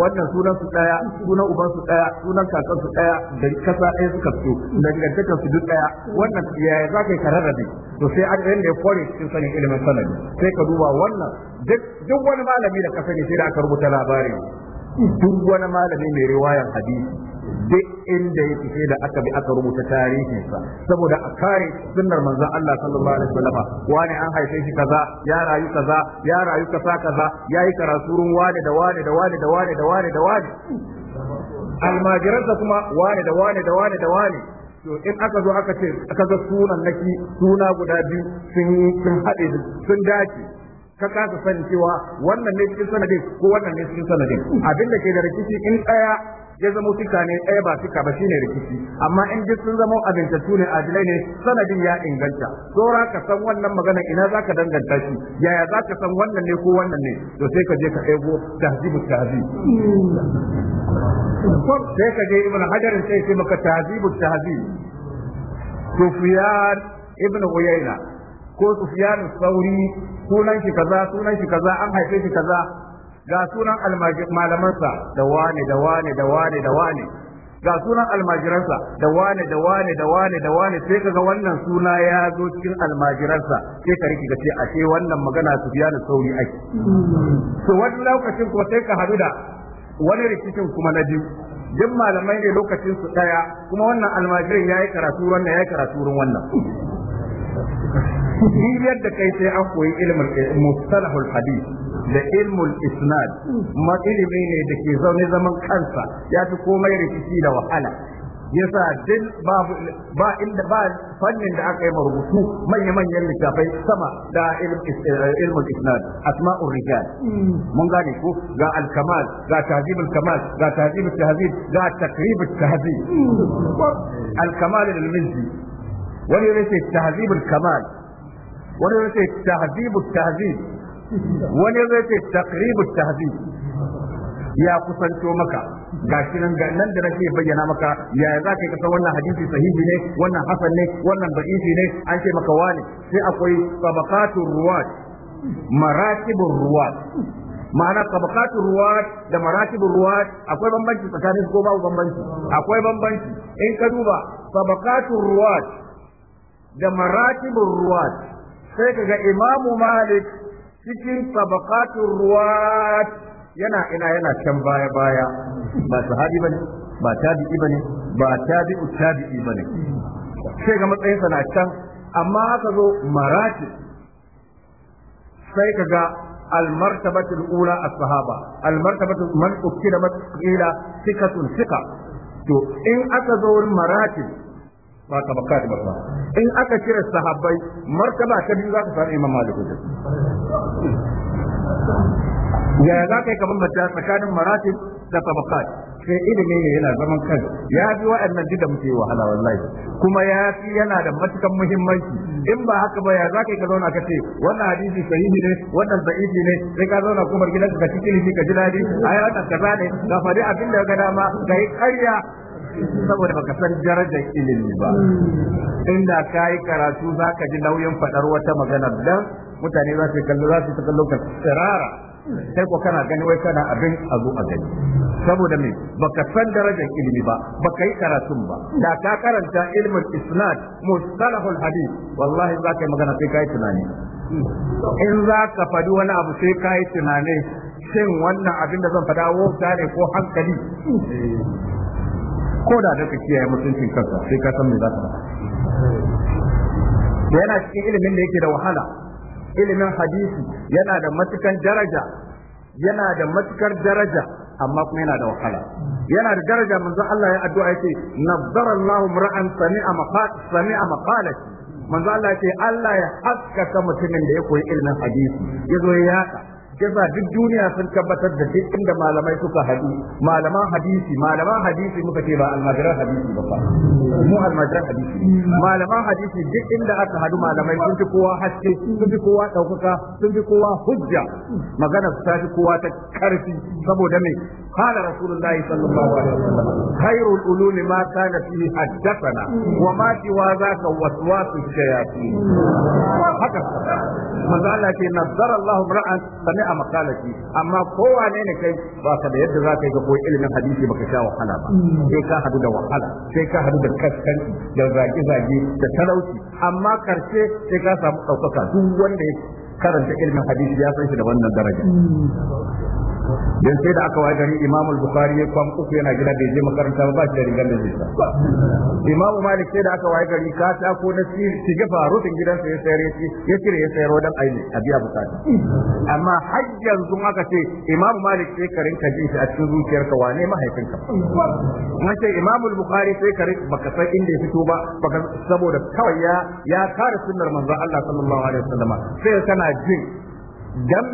wannan sunan su daya sunan uban su daya sunan kakan su daya da kasa ɗaya suka fito dangantaka su duk daya wannan yaya za ka yi kararrabe to sai an yanda ya kore cikin sanin ilimin sanadi sai ka duba wannan duk wani malami da ka sani sai da aka rubuta labarin duk wani malami mai riwayar hadisi duk inda ya fice da aka bi aka rubuta tarihinsa saboda a kare sunnar manzon Allah sallallahu alaihi wasallam wani an haife shi kaza ya rayu kaza ya rayu kaza kaza yayi karasurun wani da wani da wani da wani da wani da wani almajiransa kuma wani da wani da wani da wani to in aka zo aka ce aka ga sunan naki suna guda biyu sun sun haɗe sun dace ka kasa sani cewa wannan ne cikin sanadin ko wannan ne cikin sanadin abin da ke da rikici in ɗaya ya zama suka ne ɗaya ba suka ba shine rikici amma in duk sun zama abintattu ne adilai ne sanadin ya inganta saura ka san wannan magana ina zaka danganta shi yaya zaka san wannan ne ko wannan ne to sai ka je ka ɗebo tahzibu tahzib sai ka je ibn hajarin sai sai maka tahzibu tahzib sufyan ibn uyayna ko sufyan sauri sunan shi kaza sunan shi kaza an haife shi kaza ga sunan malamansa da wane da wane da wane da wane ga sunan almajiransa da wane da wane da wane da wane sai kaga wannan suna ya zo cikin almajiransa sai ka riki ce a ce wannan magana su biya da sauri ai to wani lokacin ko sai ka hadu da wani rikicin kuma na biyu duk malamai ne lokacin su daya kuma wannan almajirin yayi karatu wannan yayi karatu wannan ni yadda kai sai an koyi ilimin eh, mustalahul hadith da ilmul isnad kuma ilimi ne da ke zaune zaman kansa ya fi komai rikici da wahala yasa duk babu ba inda ba fannin da aka yi marubutu manya manyan littafai sama da ilmul isnad asma'ur rijal mun gane ko ga al-kamal ga tahzib al-kamal ga tahzib al-tahzib ga takrib al-tahzib al-kamal al-mizzi wani yace tahzib al-kamal wani yace tahzib al-tahzib wani zai ce takribu tahzib ya kusanto maka gashi nan nan da nake bayyana maka ya za ka kasa wannan hadisi sahihi ne wannan hasan ne wannan da'ifi ne an ce maka wani sai akwai tabaqatur ruwat maratibur ruwat ma'ana tabaqatul ruwat da maratibul ruwat akwai bambanci tsakanin su ko babu bambanci akwai bambanci in ka duba tabaqatul ruwat da maratibul ruwat sai kaga imamu malik cikin tabaqatul ruwat yana ina yana can baya baya ba sahabi bane ba tabi'i bane ba tabi'u tabi'i bane sai ga matsayin sa na can amma haka zo marati sai kaga المرتبة الأولى الصحابة المرتبة من أكل من قيل sikatun ثقة to in aka zo wurin ba ka baka da ba in aka kira sahabbai martaba ta biyu za ka fara imam malik ya za ka yi mata tsakanin maratib da tabakat sai ilimi ne yana zaman kan ya fi wa'annan duk da muke wahala wallahi kuma ya fi yana da matukan muhimmanci in ba haka ba ya za ka ka zauna ka ce wannan hadisi sahihi ne wannan da'ifi ne sai ka zauna kuma gidan ka ci ilimi ka ji daɗi yi wannan kaza ne ka faɗi abin da ga dama ka yi karya. saboda baka san darajar ilimi ba hmm. inda ka yi karatu za ka ji nauyin faɗar wata magana dan mutane za su kallo za su ta kallo ka tsirara sai hmm. ko kana gani wai kana abin a zo a gani saboda me baka san darajar ilimi ba baka yi karatun ba da ka karanta ilmin isnad mustalahul hadith wallahi za ka yi magana sai ka yi tunani hmm. in za ka faɗi wani abu sai ka yi tunani shin wannan abin da zan faɗa wauta ne ko hankali ko da ka kiyaye mutuncin kansa sai ka san me za ka da yana cikin ilimin da yake da wahala ilimin hadisi yana da matukan daraja yana da matukar daraja amma kuma yana da wahala yana da daraja manzo Allah ya addu'a yake nazzara Allah ra'an sami'a maqat sami'a maqalat manzo Allah yake Allah ya haskaka mutumin da ya koyi ilimin hadisi yazo ya yaka yasa duk duniya sun tabbatar da duk inda malamai suka hadu malaman hadisi malaman hadisi muka ce ba almajiran hadisi ba mu almajiran hadisi malaman hadisi duk inda aka hadu malamai sun fi kowa haske sun fi kowa daukaka sun fi kowa hujja magana ta fi kowa ta karfi saboda me qala rasulullahi sallallahu alaihi wasallam khairul ulumi ma kana fi haddathana wa ma siwa zaka waswasu shayatin haka manzo Allah ke nazzara Allahu ra'an sami a makalaci amma kowane ne kai ba ka da yadda za ka yi ga koyi ilimin hadisi baka sha wahala ba mm. sai ka hadu da wahala sai ka hadu da kaskanci da zage-zage da talauci amma karshe sai ka samu ɗaukaka duk wanda ya karanta ilimin hadisi ya san shi da wannan daraja mm. dan sai da aka waye gari Imam al-Bukhari ya kwam uku yana gida bai je makaranta ba shi da rigar da zai sa Imam Malik sai da aka waye gari ka ta ko na shi gafa gidan gidansa ya sayar shi ya kire ya sayar dan aini a biya bukata amma har yanzu aka ce Imam Malik sai karin ka ji shi a cikin ka wane mahaifinka kuma sai Imam al-Bukhari sai karin baka san inda ya fito ba baka saboda kawai ya ya kare sunnar manzon Allah sallallahu alaihi wasallama sai kana jin dan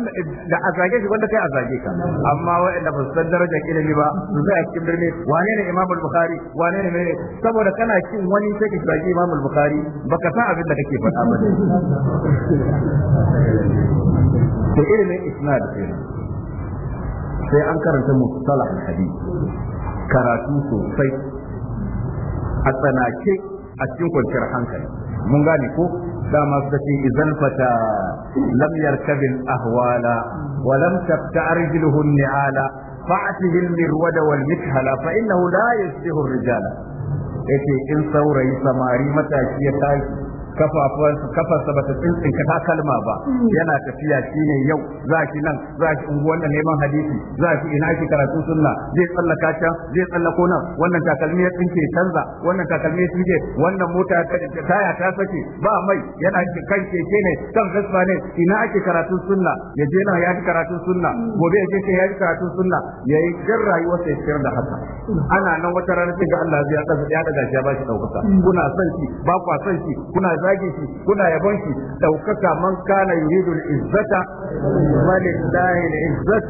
da a zage shi wanda sai a zage ka amma wa'anda ba su san darajar ilimi ba su zai a cikin birni wane ne Imam al Bukhari wane ne mene saboda kana cin wani sai ka zage Imam al Bukhari baka san abin da kake faɗa ba da ilimin isnad kenan sai an karanta mustalah hadisi karatu sosai a tsanake a cikin kwanciyar hankali mun gane ko dama suka ce idan fata lam yarkabil ahwala wa lam tabta arjiluhu ni'ala fa'atihi al-mirwada wal mithala fa innahu la yashbihu ar-rijala yace in saurayi samari matashi ya tashi kafarsa ba ta ka ta kalma ba yana tafiya shine yau za ki nan za ki unguwan neman hadisi za ki ina ki karatu sunna zai tsallaka can zai tsallako nan wannan takalmi ya tsinke canza wannan takalmi ya tsinke wannan mota taya ta sake ba mai yana kan keke ne kan gaspa ne ina ake karatu sunna ya je nan ya ji karatu sunna mm. gobe ya je sai ya ji karatu sunna ya yi jin rayuwar ya tsayar da haka mm. ana nan wata rana ga Allah zai ya daga shi ba shi daukaka mm. kuna son shi ba kwa son shi kuna zagin shi kuna yabon shi daukaka man kana yuridu al-izzata walillahi al-izzat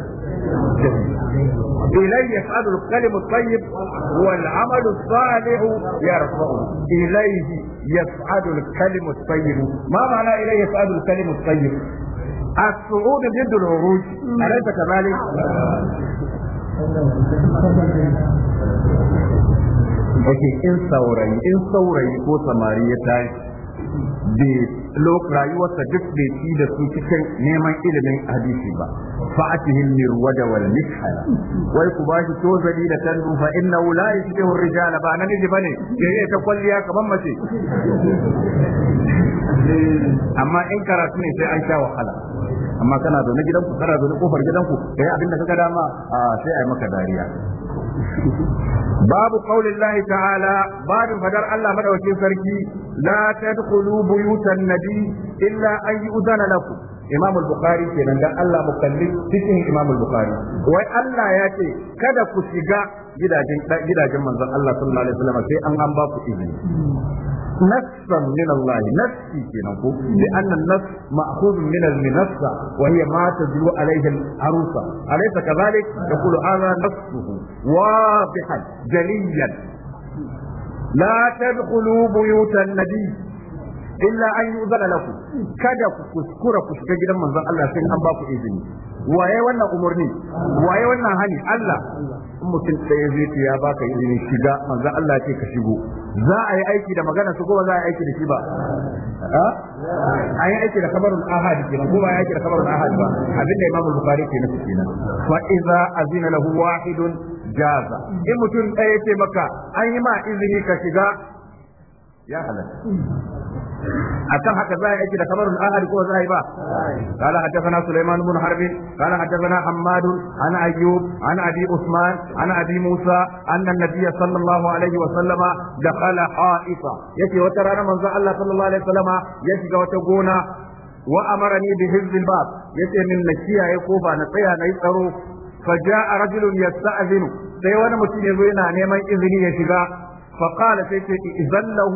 إليه يفعل الكلم الطيب والعمل الصالح يرفعه إليه يفعل الكلم الطيب ما معنى إليه يفعل الكلم الطيب الصعود ضد العروج أليس كذلك؟ Yake in saurayi, in saurayi ko samari ya tashi rayuwarsa duk bai ci da su cikin neman ilimin hadisi ba cikin mirwada wal mishhala wai ku bashi tozali da tandu fa innahu la yashbihu rijala ba ba ne bane yayi ta kwalliya kaman mace amma in karatu ne sai an sha wahala amma kana zaune gidanku kana zaune kofar gidanku kai abin da kaga dama sai yi maka dariya babu qaulin lahi ta'ala babin fadar Allah madaukakin sarki la tadkhulu buyutan nabi illa an yu'zana lakum Imam al-Bukhari kenan dan Allah mukallin cikin Imam al-Bukhari wai Allah ya ce kada ku shiga gidajen gidajen manzon Allah sallallahu alaihi wasallam sai an an ba ku izini نصا من الله نفسي كنا لأن النص مأخوذ من المنصة وهي ما تدل عليه العروسة أليس كذلك؟ يقول هذا نصه واضحا جليا لا تدخلوا بيوت النبي إلا أن يؤذن لكم كذا كسكرة كسكرة جدا من الله سنة أن باكم إذني waye wannan umarni waye wannan hani Allah in mutum ɗaya zai ya baka izinin shiga manzo Allah ce ka shigo za a yi aiki da magana su ko za a yi aiki da shi ba a yi aiki da kabarul ahad kenan ko ba yi aiki da kabarul ahad ba abin da Imam Bukhari ke nufi kenan fa idza azina lahu wahidun jaza in mutum ɗaya ce maka an yi ma izini ka shiga ya halatta akan haka za a yi da kabarin ahad ko za a yi ba قال حدثنا سليمان بن حرب قال حدثنا حماد عن ايوب عن ابي عثمان عن ابي موسى ان النبي صلى الله عليه وسلم دخل حائطا يتي وترانا من الله صلى الله عليه وسلم يتي وتغونا وامرني بحفظ الباب يتي من نشيا يقوبا نتيا نيسرو فجاء رجل يستأذن sai wani mutum ya zo yana neman izini ya shiga فقال سيتي إذن له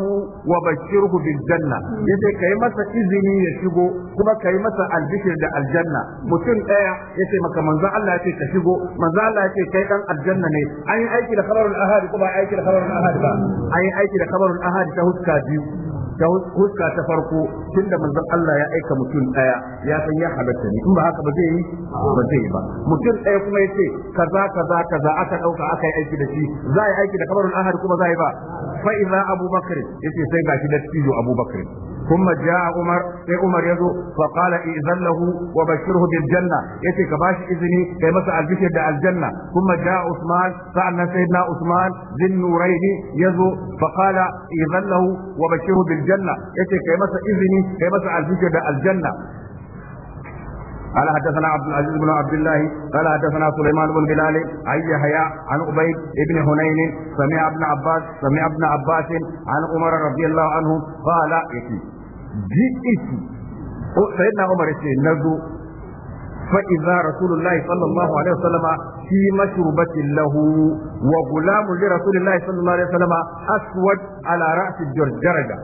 وبشره بالجنة يتي كي مسا إذني يشيغو كما كي مسا البشر دا الجنة متن آية يتي مكا منزع الله يتي تشيغو منزع الله يتي كي كان الجنة ني أي أيكي لخبر الأهالي كما أيكي لخبر الأهالي أي أيكي لخبر الأهالي تهوسكا ديو ta huska ta farko tunda manzon Allah ya aika mutum daya ya san ya halatta ne in ba haka ba zai yi ba zai ba mutum daya kuma yace kaza kaza kaza aka dauka aka yi aiki da shi za yi aiki da kabarin ahad kuma za yi ba fa idza abubakar yace sai gashi da tijo abubakar ثم جاء عمر اي عمر يزو فقال ائذن له وبشره بالجنه يتي كباش اذني كي مسا البشر ده الجنه ثم جاء عثمان فعلنا سيدنا عثمان ذي النورين يزو فقال ائذن له وبشره بالجنه يتي كي مسا اذني كي مسا البشر ده الجنه قال حدثنا عبد العزيز بن عبد الله قال حدثنا سليمان بن بلال اي يحيى عن عبيد بن هنين سمع ابن عباس سمع ابن عباس عن عمر رضي الله عنه قال ji'itu sayyidina umar ce nazo fa idza rasulullahi sallallahu alaihi wasallam fi mashrubatin lahu wa gulamu li rasulillahi sallallahu alaihi wasallam aswad ala ra'si jarjaraja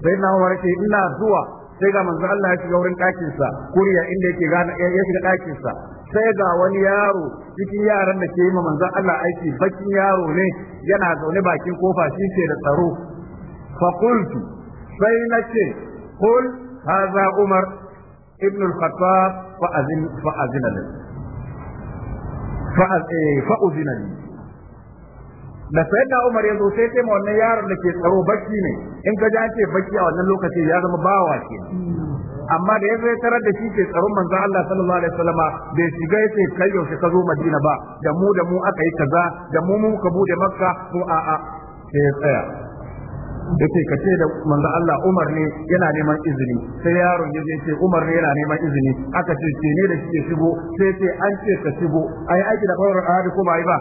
sayyidina umar ce ina zuwa sai ga manzo Allah ya shiga wurin ɗakin sa kuriya inda yake gana ya shiga ɗakin sa sai ga wani yaro cikin yaran da ke yi ma manzo Allah aiki bakin yaro ne yana zaune bakin kofa shi ce da tsaro fa sai na ce kul haza umar ibn al-khattab fa azin fa azin li fa da sayyidina umar yazo sai sai ma wannan yaron da ke tsaro baki ne in ka jace a wannan lokaci ya zama bawa ke amma da yanzu ya tarar da shi ke tsaron manzo Allah sallallahu alaihi wasallama bai shiga yace kai yaushe ka zo Madina ba da mu da mu aka yi kaza da mu mu ka bude Makka ko a'a sai tsaya Yatete kace da manza Allah Umar ne yana neman izini, sai yaron ya je ce Umar ne yana neman izini, aka ce, ce ne da shi ke cigo? Sai ce an ce ka cigo. A aiki da ɓawar alabi ko ba ba?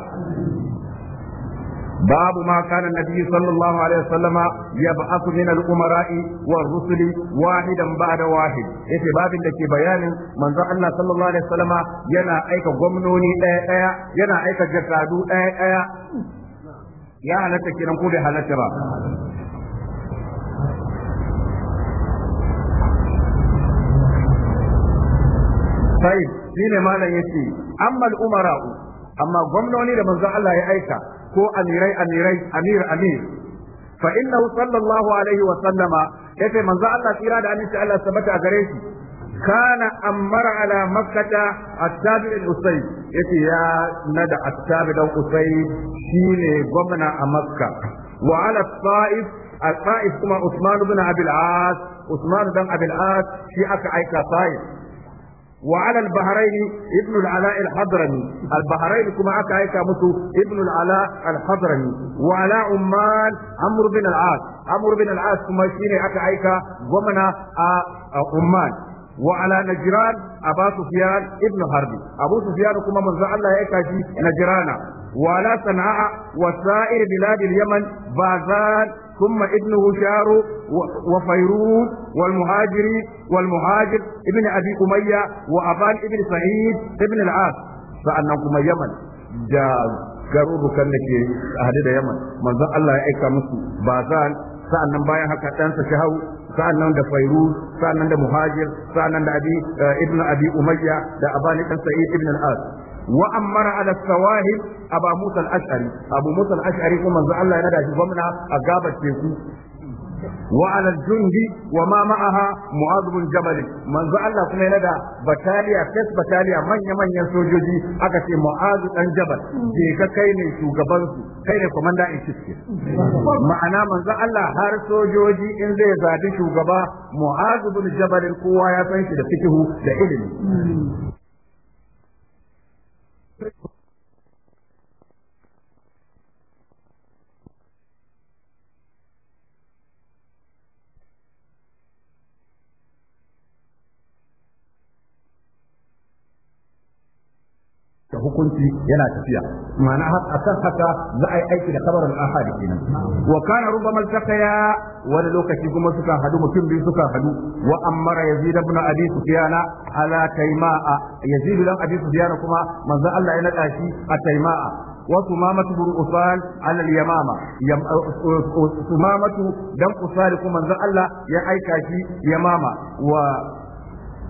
Babu makanan ajiye sallallahu alaihi wa ya ba asulinar Umarai wa rusuli wa hidan ba da wahid Yatete babin da ke bayanin manza Allah Sallallahu alaihi wa yana aika gwamnoni ɗaya-ɗaya, yana aika jataɗu ɗaya-ɗaya. Ya halarta ke ko bai halarta ba? tayyib shine malam yace amma umara'u," amma gwamnoni da manzon Allah ya aika ko amirai amirai amir amir fa innahu sallallahu alaihi wa sallama yace manzon Allah tsira da aminci Allah sabata a gare shi كان أمر على مكة التابع الأسيد يتي يا ندى التابع الأسيد شيني قمنا مكة وعلى الطائف الطائف كما عثمان بن أبي العاص عثمان بن أبي shi aka aika طائف وعلى البحرين ابن العلاء الحضرمي البحرين كما أكا هيك ابن العلاء الحضرمي وعلى عمان عمرو بن العاص عمرو بن العاص كما شيني أكا هيك ومنا عمان وعلى نجران أبا سفيان ابن حرب أبو سفيان كما من الله هيك نجرانا وعلى صنعاء وسائر بلاد اليمن باذان ثم ابنه شهر وفيروز والمهاجر والمهاجر ابن أبي أمية وأبان ابن سعيد ابن العاص فأنكم يمن جاز garurukan da ke hade da yaman manzon Allah ya aika musu bazan sa'annan bayan haka ɗansa sa'an nan da fairu sa'an nan da muhajir sa'an nan da abi ibn abi umayya da abani dan sa'id ibn al-as وأمر على السواهب أبا موسى الأشعري أبو موسى الأشعري كما الله ينادى في ضمنها أقابت تيكو وعلى الجند وما معها معاذ بن جبل من الله كما ينادى بتاليا كس بتاليا من يمن ينسوجي أكسي معاذ بن جبل جيكا كيني شوغبانسو كيني كوماندا إنشيسكي معنا من الله هر سوجوجي إن زي زادي شوغبا معاذ بن جبل قوايا تنشي لفكه لإلمي people hukunci yana tafiya ma'ana a akan haka za a yi aiki da kabarin ahad kenan wa kana rubama altakaya wani lokaci kuma suka hadu mutum biyu suka hadu wa amara yazid ibn abi sufyana ala taima'a yazid ibn abi sufyana kuma manzo Allah ya nada shi a taima'a وثمامة بن أسال على اليمامة يم... ثمامة دم أسال كما الله يا أيكاشي يمامة و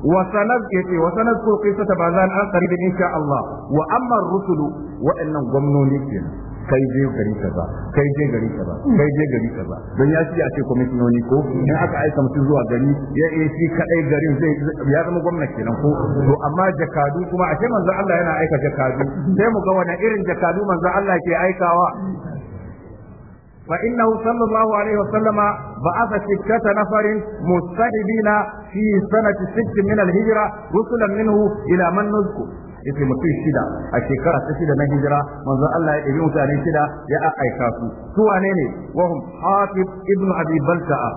وسند يتي وسند كل قصة بازان عن قريب إن شاء الله وأما الرسل وإن gwamnoni kenan kai je gari kaza kai je gari kaza kai je gari kaza don ya ci a ce kwamishinoni ko in aka aika mutum zuwa gari ya yi shi kadai garin zai ya zama gwamna kenan ko to amma jakadu kuma a ce manzo Allah yana aika jakadu sai mu ga wani irin jakadu manzo Allah ke aikawa فإنه صلى الله عليه وسلم بعث ستة نفر مستهدين في سنة ست من الهجرة رسلا منه إلى من نذكر yace mutum shida a shekara ta shida na hijira manzo Allah ya ɗebi mutane shida ya aika su su wane ne wahum Hafiz ibn Abi Balta'a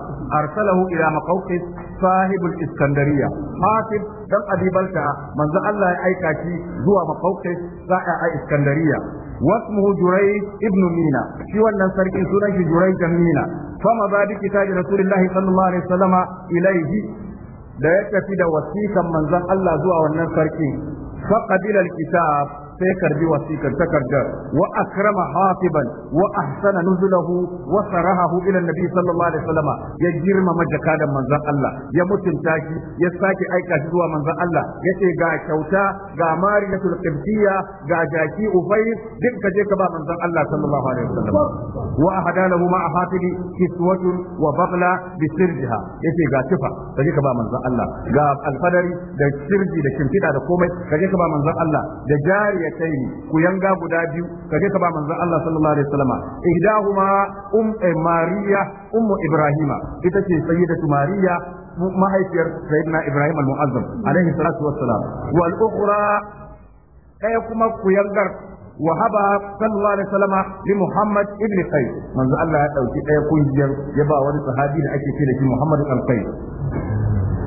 arsalahu ila maqawqis sahibul Iskandariya Hafiz dan Abi Balta'a manzo Allah ya aika shi zuwa maqawqis sa'a a Iskandariya واسمه جريج ابن مينا في ولن سركي سورة جريج مينا فما بعد كتاب رسول الله صلى الله عليه وسلم إليه da ya tafi da wasikan manzon Allah zuwa wannan sarki faqabila alkitab sai karbi wasiƙar takardar wa akrama hatiban wa ahsana nuzulahu wa sarahahu ila nabi sallallahu alaihi wasallam ya girmama jakadan manzon Allah ya mutunta shi ya sake aika shi zuwa manzon Allah ya ce ga kyauta ga mariyatul qibtiyya ga jaki ufai duk ka je ka ba manzon Allah sallallahu alaihi wasallam wa ahadalahu ma ahatibi kiswatun wa baghla bi sirjiha yace ga tufa ka je ka ba manzon Allah ga alfadari da sirji da kimfida da komai ka je ka ba manzon Allah da jari jariyatayn ku yanga guda biyu kaje ka ba manzon Allah sallallahu alaihi wasallama ihdahuma um eh, mariya ummu ibrahima ita ce sayyidatu mariya mahaifiyar sayyidina ibrahim al-mu'azzam alaihi salatu wassalam wal ukhra ɗaya kuma ku yangar وهب صلى الله عليه وسلم لمحمد ابن قيس من ذا الله يدوكي ɗaya kungiyar ya ba wani sahabi da ake kira shi Muhammad ibn Qais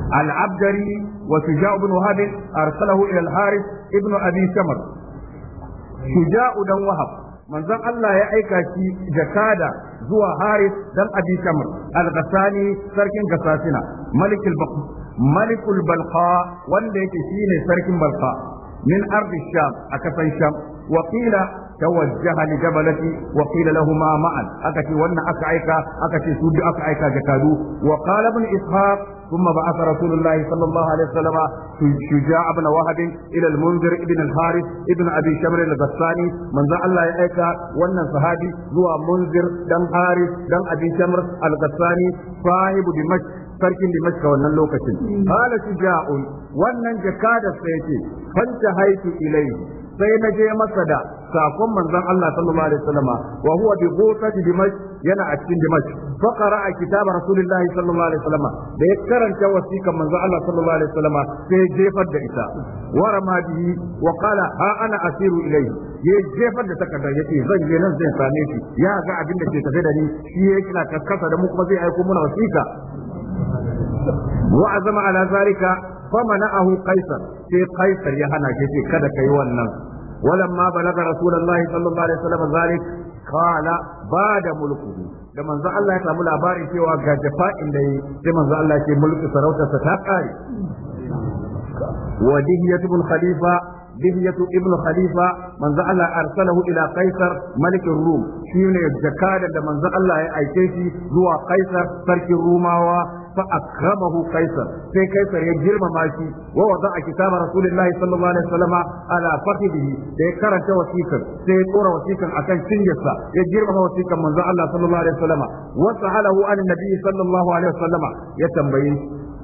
العبدري وشجاع بن وهب أرسله إلى الحارث ابن أبي سمر shuja'u dan wahab manzon Allah ya aika shi jakada zuwa Haris dan Abi Kamr al-Ghassani sarkin Ghassasina malikul malikul balqa wanda yake shine sarkin balqa min ardi sham a kasan sham wa qila tawajjaha li jabalati wa qila lahumu ma'an aka ce wannan aka aika aka ce su aka aika jakadu wa qala ibn ishaq ثم بعث رسول الله صلى الله عليه وسلم شجاع بن وهب إلى المنذر ابن الحارث ابن أبي شمر البساني من ذا الله يأيكا وانا صحابي زوى منذر دم حارث دم أبي شمر البساني صاحب دمشق sarkin Dimashq wannan lokacin qala shuja'un wannan jakadarsa yace fanta haitu ilayhi sai na je masa da sakon manzon Allah sallallahu alaihi wasallama wa huwa bi ghutati dimash yana a cikin dimash fa qara'a kitab rasulullah sallallahu alaihi wasallama da ya karanta wasikan manzon Allah sallallahu alaihi wasallama sai jefar da ita wa rama bihi wa qala ha ana asiru ilayhi ya jefar da takardar yace zan je nan zan same shi ya ga abin da ke tafe da ni shi ya kina kaskasa da mu kuma zai aiko mana wasika wa azama ala zalika famana'ahu qaisar sai qaisar ya hana shi ce kada kai wannan ma balaga rasulullahi sallallahu alaihi wasallam zalik qala bada mulku, da manzo Allah ya samu labarin cewa ga jafa'in da yi sai manzo Allah ke mulki sarautarsa ta kare وديهية بن Khalifa. dihiyatu ibnu khalifa manzo Allah arsalahu ila kaisar malikin rum shine jakada da manza Allah ya aike shi zuwa kaisar sarkin rumawa fa akramahu kaisar sai kaisar ya girmama shi wa wada a kitaba rasulullahi sallallahu alaihi wasallam ala fakhidhi da ya karanta wasikar sai ya tsora wasikan akan cinyarsa ya girmama wasikar manzo Allah sallallahu alaihi wasallam wa sa'alahu an nabi sallallahu alaihi wasallam ya tambaye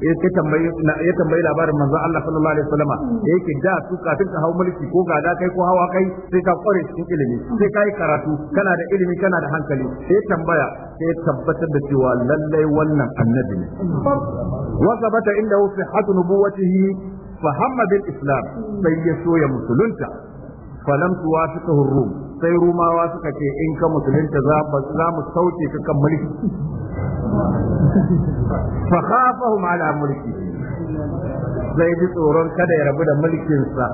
ya tambayi labarin manzon Allah sallallahu alaihi wasallam mm. yake da su kafin ka hau mulki ko gada kai ko hawa kai sai ka kware cikin ilimi mm. sai kai karatu kana da ilimi kana da hankali sai tambaya sai tabbatar da cewa lallai wannan annabi ne mm. wa sabata inda fi hatu nubuwatihi fa hamma bil islam sai ya so ya musulunta falam tuwafiqahu rum sai rumawa suka ce in ka musulunta za mu sauke ka kan mulki fa khafahu ala mulki zai ji tsoron kada ya rabu da mulkin sa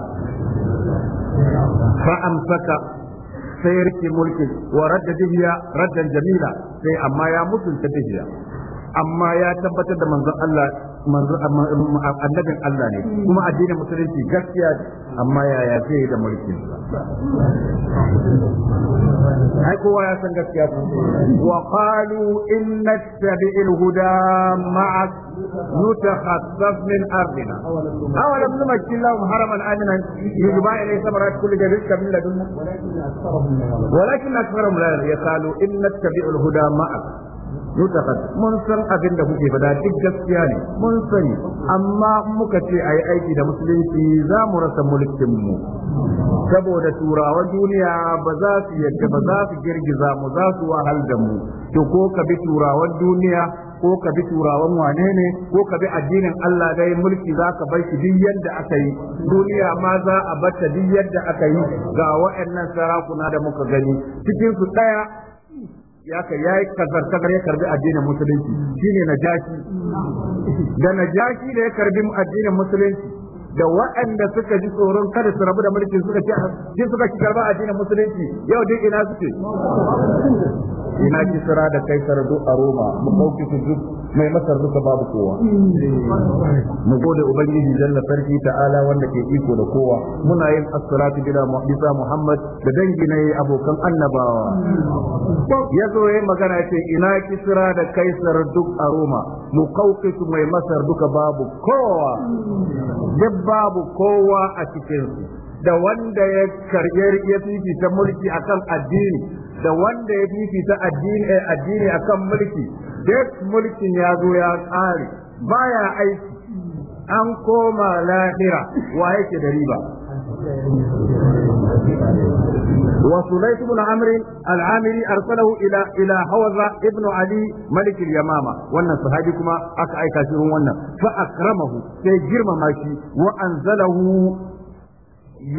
fa amsaka sai rike mulkin wa radda dihiya raddan jamila sai amma ya mutunta dihiya amma ya tabbatar da manzon Allah annabin Allah ne kuma addinin musulunci gaskiya amma yaya zai da mulkin ai kowa ya san gaskiya wa qalu inna tabi'il huda ma'ak nutakhassaf min ardina aw lam numakkin lahum haraman aminan yujba ilayhi samarat kulli rizqin min ladunna walakin aktharuhum la yaqalu inna tabi'il huda ma'ak mutakat mun san abin da kuke fada duk gaskiya ne mun sani amma muka ce a aiki da musulunci za mu rasa mulkin mu saboda turawa duniya ba za su yadda ba za su girgiza mu za su wahal da mu to ko ka bi turawan duniya ko ka bi turawan wane ne ko ka bi addinin Allah dai mulki za ka bar shi duk yadda aka yi duniya ma za a bata duk yadda aka yi ga waɗannan sarakuna da muka gani cikin su daya ya ka yayi kazar kazar ya karbi addinin musulunci shine najashi da najashi da ya karbi addinin musulunci da waɗanda suka ji tsoron kada su rabu da mulki suka ce shi suka ci karba addinin musulunci yau dai ina suke ina ki kisra da kaisar duk a Roma mu kauki su duk mai masar duka babu kowa mu gode ubangiji jalla sarki ta'ala wanda ke iko da kowa muna yin as-salatu bila muhdisa muhammad da dangi ne abokan annabawa ya zo yayin magana ce ina ki kisra da kaisar duk a Roma mu kauki su mai masar duka babu kowa babu kowa a cikinsu da wanda ya karyar ya fifita mulki akan addini da wanda ya fifita addini eh, addini akan mulki duk mulkin ya zo ya tsare baya aiki an koma lahira wa yake da riba وسليت بن عمرو العامري ارسله الى الى حوزه ابن علي ملك اليمامه wannan sahabi kuma aka aika shi wannan fa akramahu sai girmama shi wa anzalahu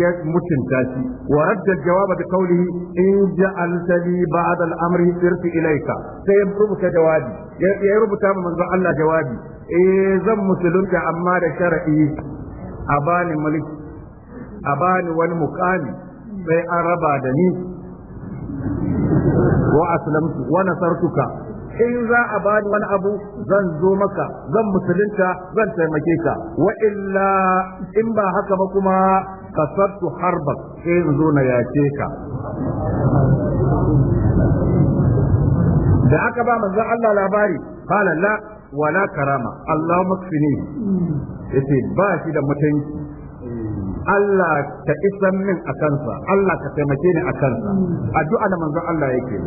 ya mutunta shi wa radda jawaba da kaulihi in ja'alta li ba'd al-amri sirtu ilayka sai ya rubuta jawabi ya rubuta ma manzon Allah jawabi eh zan Musulunci amma da shar'i a a bani wani mukami sai an raba da ni wa aslamtu wa nasartuka in za a bani wani abu zan zo maka zan musulunta zan taimake ka wa illa in ba haka ba kuma kasartu harbak sai in zo na yace ka da aka ba manzon Allah labari qala la wala karama Allah kfini yace ba shi da mutunci Allah ka isa min a kansa, Allah ka taimake ni a kansa, addu’a da manzon Allah yake.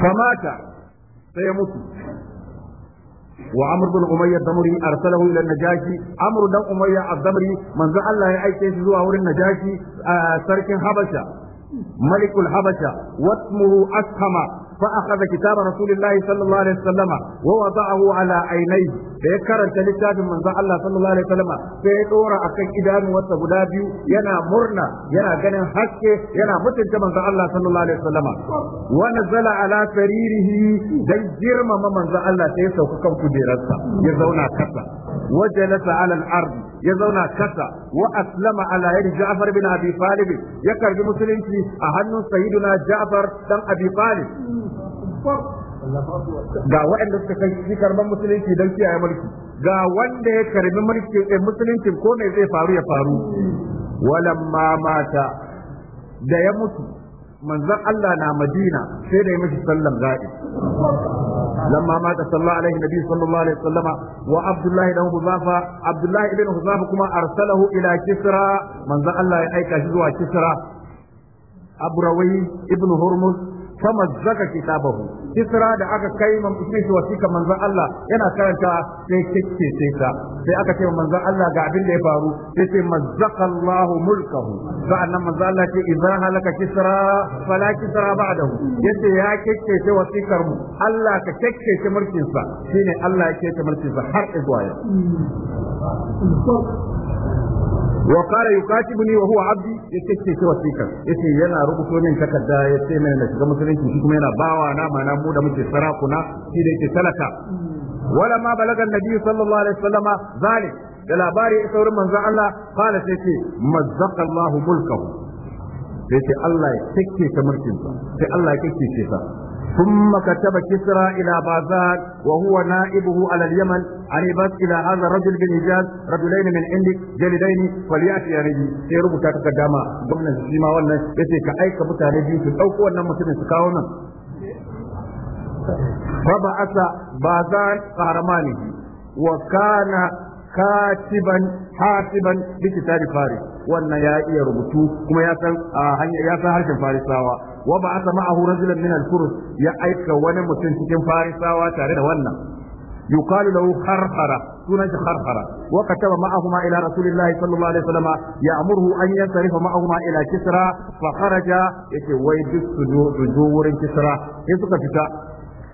Kamata sai ya mutu. wa amr bin umayya damri arsalahu ila najashi Amur dan umayya azamri manzo Allah ya aike shi zuwa wurin najashi sarkin habasha malikul habasha wasmuhu askama فأخذ كتاب رسول الله صلى الله عليه وسلم ووضعه على عينيه da ya karanta littafin manzon Allah sallallahu alaihi wasallam sai ya dora akan idanu wata guda biyu yana murna yana ganin haske yana mutunta manza Allah sallallahu alaihi wasallam wa nazala ala saririhi dai girmama manzon Allah sai ya sauka kan kudirarsa ya zauna kasa wa jalasa ala al ya zauna kasa wa aslama ala yadi Ja'far bin Abi ya karbi musulunci a hannun na Ja'far dan Abi ga waɗanda suka kai shi karban musulunci don kiyaye mulki ga wanda ya karbi ɗin eh, musulunci ko ne zai faru ya faru walamma mata da ya mutu manzon Allah na Madina sai da ya mishi sallan zaɓi لما مات صلى عليه النبي صلى الله عليه وسلم وعبد الله بن حذافة عبد الله بن حذافة كما أرسله إلى كسرى من ذا الله يأيك زوا كسرى أبروي ابن هرمز famazzaka kitabahu kisra da aka kai man mishi wasika manzon Allah yana karanta sai kike sai ta sai aka ce manzon Allah ga abin da ya faru sai ce mazzaka Allahu mulkahu sa'annan manzon Allah ce idza halaka kisra fala kisra ba'dahu yace ya kike sai wasikar mu Allah ka kike mulkin sa shine Allah ya kike mulkin sa har zuwa yau wa qala yuqatibuni wa huwa abdi yace ce ce wasika yace yana rubuto min takarda ya mai na shiga musulunci shi yana bawa na mana mu da muke sarakuna shi da yake talaka wala ma balaga annabi sallallahu alaihi da labari ya saurin manzon Allah qala sai ce mazzaqa Allahu mulkahu sai ce Allah ya kike ta mulkin sa sai Allah ya kike sa ثم كتب كسرى إلى بازار وهو نائبه على اليمن أن بس إلى هذا الرجل بالحجاز رجلين من عندك جلدين فليأتي يعني سيربو تاتك داما ضمن السيما وانا يتيك أيك بتاريجي في الأوكو وانا مسلم سكاونا فبعث بازار قهرمانه وكان كاتبا حاسبا بكتاب فارس wannan ya iya rubutu kuma ya san harshen farisawa wa ba aka ma'ahu rajulan furs ya aika wani mutum cikin farisawa tare da wannan yuqalu lahu kharkhara sunan shi kharkhara wa kataba ma'ahu ma ila rasulillahi sallallahu alaihi ya amuru an yansarifa ma'ahu ma ila kisra fa kharaja yace wai bisu du'u wurin kisra sai suka fita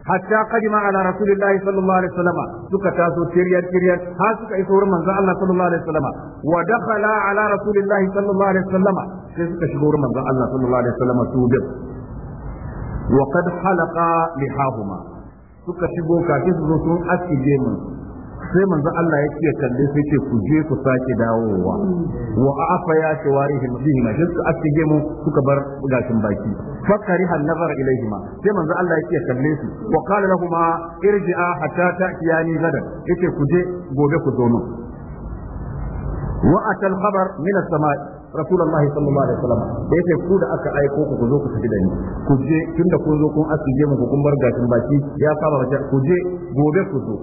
hatta qadima ala rasulillahi sallallahu alaihi wasallam suka taso tiriyar tiriyar har suka iso wurin manzon Allah sallallahu alaihi wasallam wa dakhala ala rasulillahi sallallahu alaihi wasallam sai suka shigo wurin manzon Allah sallallahu alaihi wasallam su da wa qad halaqa lihahuma suka shigo kafin su zo sun aske mu sai manzo Allah ya kalle sai ce ku je ku sake dawowa wa afa ya ce warihi bihi ma duk asige mu suka bar gashin baki fakari hal nazar ilaihima sai manzo Allah ya kalle su wa qala lahumu irji'a hatta ta'tiyani gadan yake ku je gobe ku zo min wa atal khabar min as-sama'i rasulullah sallallahu alaihi wasallam da yake ku da aka aiko ku zo ku tafi da ni ku je tunda kun zo kun asige mu ku kun bar gashin baki ya saba ku je gobe ku zo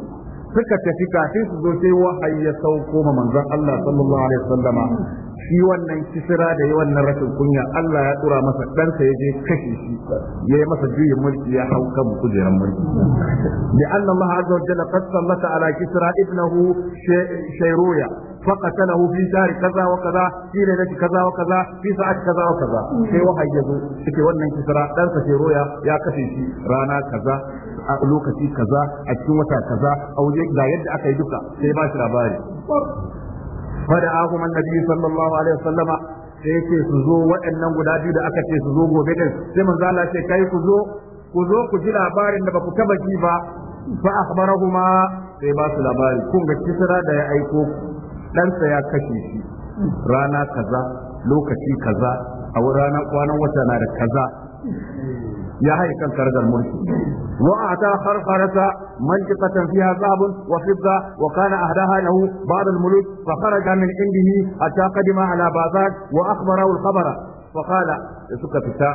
suka tafi kafin su zo sai wahayi ya sauko ma manzon Allah sallallahu alaihi wasallama shi wannan kisira da yi wannan rashin kunya Allah ya tura masa ɗansa ya je kashe shi ya yi masa juyin mulki ya hau kan kujerar mulki da Allah ma azza kan jalla qad sallata ala kisra ibnahu Shairoya. فقتله في دار كذا وكذا في ليلة كذا وكذا في kaza, كذا وكذا sai wahayi ya zo yake wannan kisra dan sa ke roya ya kashe shi rana kaza a lokaci kaza a cikin wata kaza a waje ga yadda aka yi duka sai ba shi labari fada ahu man nabi sallallahu alaihi wasallama sai ce su zo waɗannan guda biyu da aka ce su zo gobe din sai manzo Allah ce kai ku ku zo ku ji labarin da ba ku taɓa ji ba fa akhbarahuma sai ba su labari kun ga da ya aiko ku ɗansa ya kashe shi rana kaza lokaci kaza a rana kwanan wata na da kaza ya haye kan karagar mulki wa ata kharqarata mantiqatan fiha zahabun wa fidda wa kana ahdaha lahu ba'd al-muluk fa kharaja min indihi hatta qadima ala bazar wa akhbarahu al-khabara fa qala suka fita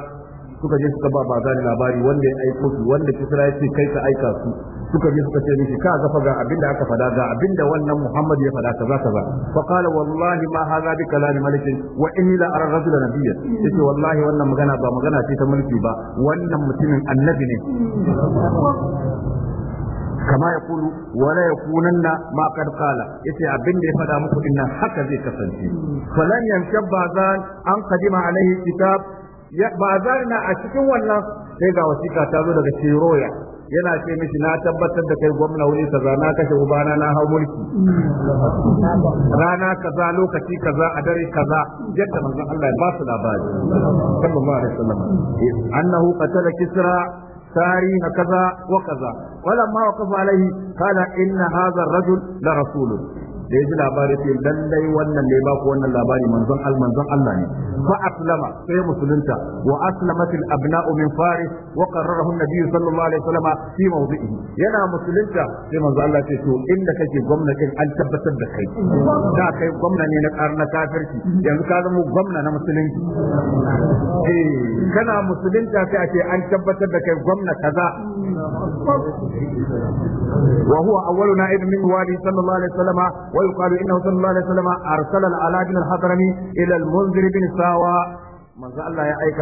suka je suka ba bazani labari wanda ya aiko su wanda kisra ya ce kai ka aika su suka je suka ce mishi ka zafa ga abinda aka fada ga abinda wannan muhammad ya fada kaza kaza fa qala wallahi ma hadha bi kalam malikin wa inni la ara rajul nabiyya yace wallahi wannan magana ba magana ce ta mulki ba wannan mutumin annabi ne kama ya kulu wala ya kunan na ma kad kala ya fada muku dinnan haka zai kasance falan yanshab bazan an ba zarna a cikin wannan sai ga wasiƙa ta zo daga Ciroya yana ce mishi na tabbatar da kai gwamna wuri kaza na kashe ubana na hau mulki rana kaza lokaci kaza a dare kaza yadda manzon Allah ya ba su labari sallallahu alaihi wasallam annahu qatala kisra تاريخ كذا وكذا ولما وقف عليه قال إن هذا الرجل لرسول da ya ji labari sai lallai wannan ne ba ku wannan labari manzon al Allah ne fa aslama sai musulunta wa aslamat al abna'u min faris wa qarrarahu an-nabi sallallahu alaihi wasallam fi mawdi'i yana musulunta sai manzon Allah ce to inda kake gwamnatin an tabbatar da kai da kai gwamna ne na karna kafirci yanzu ka zama gwamna na musulunci eh, kana musulunta sai ake an tabbatar da kai gwamna kaza wa huwa awwalu na'ib min wali sallallahu alaihi wasallam ويقال إنه صلى الله عليه وسلم أرسل العلاء بن الحضرمي إلى المنذر بن ساوى من الله يا أيك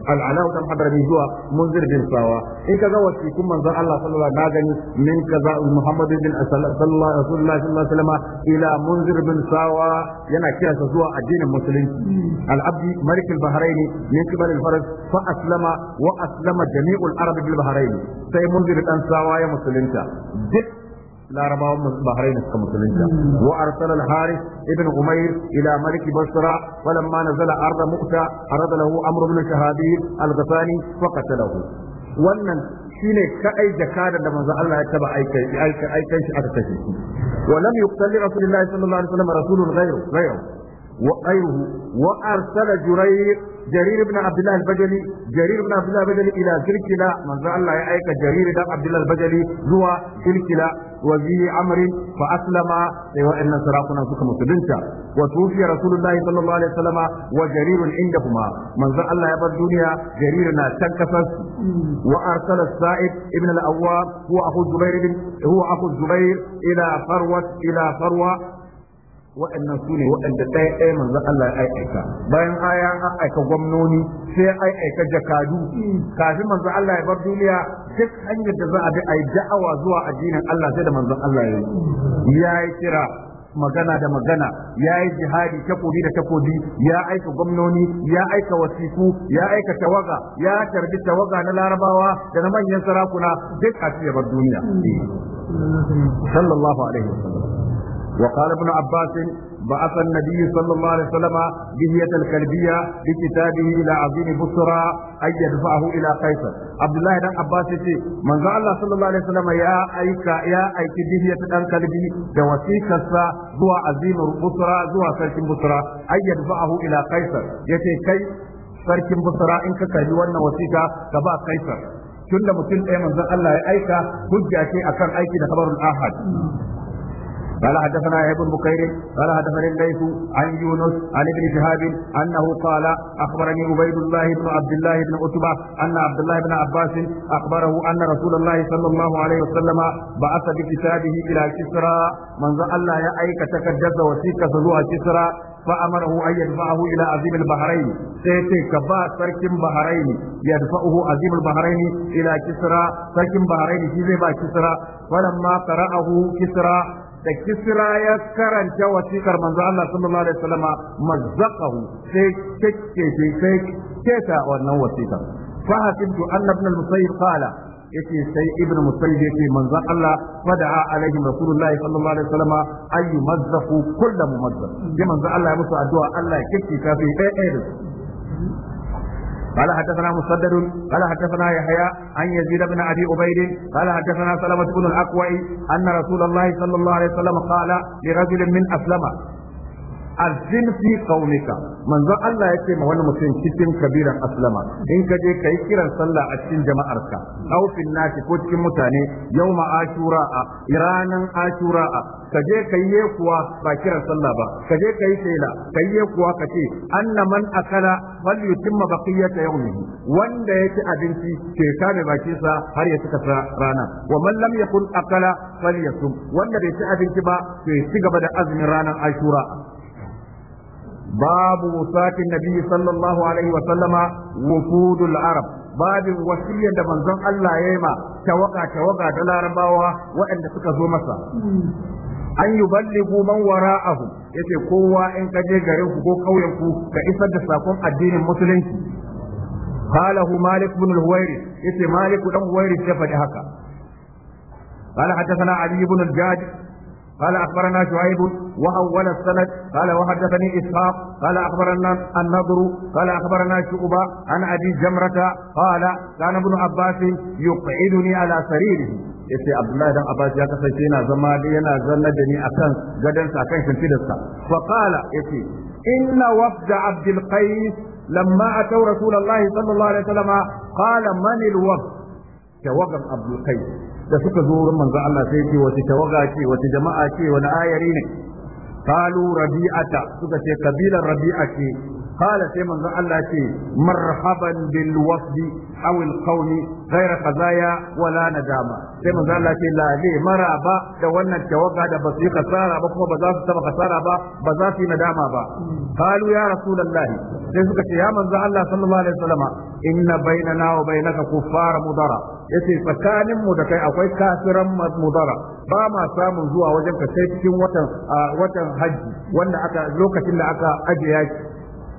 al'ala wa hadrami zuwa munzir bin sawa in kaga wasikun manzon Allah sallallahu alaihi wasallam min kaza Muhammad bin sallallahu alaihi wasallam ila munzir bin sawa yana kira sa zuwa addinin musulunci al-abdi malik al-bahrain al-faras fa aslama wa aslama jami'ul arab sai munzir dan sawa ya musulunta duk larabawan bahrain suka musulunta wa arsala al-harith ibn umayr ila malik basra falamma nazala arda mukta, arada lahu amr ibn shahabil al-ghasani wa qatalahu wannan shine kadai jakada da manzo Allah ya taba aikai aikai shi aka kashe shi wa lam yuqtal rasulullah sallallahu alaihi wasallam rasulun ghayru ghayru وغيره وارسل جرير جرير بن عبد الله البجلي جرير بن عبد الله البجلي الى كلكلا من الله يأيك جرير بن عبد الله البجلي زوى كلكلا وزي عمرو فاسلم سوى ان سراقنا سكن مسلمتا وتوفي رسول الله صلى الله عليه وسلم وجرير عندهما من الله يبر الدنيا جرير تنكسس وارسل السائب ابن الاواب هو اخو الزبير بن هو اخو الزبير الى فروه الى فروه waɗannan su ne waɗanda ɗaya ɗaya manzo Allah ya aika bayan aya an aika gwamnoni sai ya aika jakadu kafin manzo Allah ya bar duniya duk hanyar da za a bi a yi da'awa zuwa addinin Allah sai da manzo Allah ya yi ya yi kira magana da magana ya yi jihadi takobi da takobi ya aika gwamnoni ya aika wasiku ya aika tawaga ya tarbi tawaga na larabawa da na manyan sarakuna duk ya bar duniya sallallahu alaihi wasallam وقال ابن عباس بعث النبي صلى الله عليه وسلم دية الكلبية بكتابه إلى عظيم بصرى أن يدفعه إلى قيصر عبد الله بن عباس من قال الله صلى الله عليه وسلم يا أيك يا أيك دية الكلبي دوسيك زوى عظيم بصرى زوى سلك بصرى أن يدفعه إلى قيصر يتي كي sarkin busra in ka kalli wannan wasiƙa ka ba kaisar tunda mutum ɗaya manzon Allah ya aika hujja ce akan aiki da khabarul ahad قال حدثنا يحيى بن بكير قال حدثنا الليث عن يونس عن ابن شهاب انه قال اخبرني عبيد الله بن عبد الله بن عتبه ان عبد الله بن عباس اخبره ان رسول الله صلى الله عليه وسلم بعث بكتابه الى كسرى من الله يا ايك تكدس وسيك زوا كسرى فأمره أن يدفعه إلى عظيم البحرين سيتي كبا سركم بحرين يدفعه عظيم البحرين إلى كسرى سركم بحرين في با كسرى فلما قرأه كسرى da kisra ya karanta wasiƙar manzo Allah sallallahu alaihi wasallam mazzaqahu sai kekke sai keta wannan wasikar fa hasibtu anna ibn al-musayyib qala yace sai ibn musayyib yace manzo Allah fada'a alaihi rasulullahi sallallahu alaihi wasallam ay yumazzaqu kullu mumazzaq ya manzo Allah ya musu addu'a Allah ya kekke ta sai ɗaya ɗaya قال حدثنا مسدد قال حدثنا يحيى عن يزيد بن ابي عبيد قال حدثنا سلمة بن الاقوى ان رسول الله صلى الله عليه وسلم قال لرجل من اسلم azin fi qaumika manzon Allah ya ce ma wani mutum cikin kabiran aslama in ka je kai kiran sallah a cikin jama'arka aw fil nasi ko cikin mutane yawma ashura a iranan ashura a ka je kai ye kuwa ba kiran sallah ba ka je kai la, kai ye kuwa ka ce anna man akala yutimma baqiyata yawmihi wanda ya ci abinci ke kame baki sa har ya cika rana wa man lam yakun akala falyasum wanda bai ci abinci ba to ci gaba da azumin ranar ashura باب وفاة النبي صلى الله عليه وسلم وفود العرب باب وصية من زن الله يما توقع توقع دلار باوا suka تكذو مسا an yi balligu man wara'ahu yace kowa in ka je garin ku ko kauyen ku ka isar da sakon addinin musulunci qalahu malik ibn al-huwairi yace malik dan huwairi ya faɗi haka قال حدثنا علي بن الجاد قال أخبرنا شعيب وأول السند قال وحدثني إسحاق قال أخبرنا النضر قال أخبرنا شعبة عن أبي جمرة قال كان ابن عباس يقعدني على سريره yace Abdullahi dan Abbas ya kasance yana zama da yana zanna da ni akan gadansa akan shimfidarsa fa qala yace inna wafda Abdul Qais lamma atau Rasulullahi sallallahu alaihi wasallam qala man al wafd tawagam Abdul Qais da suka zo wurin manzon Allah sai ce wace tawaga ce wace jama'a ce wani ayari ne qalu rabi'ata suka ce kabilar rabi'a ce قال سيما الله شيء مرحبا بالوفد أو القوم غير خزايا ولا ندامة سيما الله شيء لا لي مرابا دولنا التوقع دا بس خسارة بكما بزاف سبا خسارة با بزاف ندامة با قالوا يا رسول الله سيسوك يا من الله صلى الله عليه وسلم إن بيننا وبينك كفار مضرة yace tsakanin mu da kai akwai kafiran mudara ba ma samun zuwa wajen ka sai cikin watan watan haji wanda aka lokacin da aka aje yaki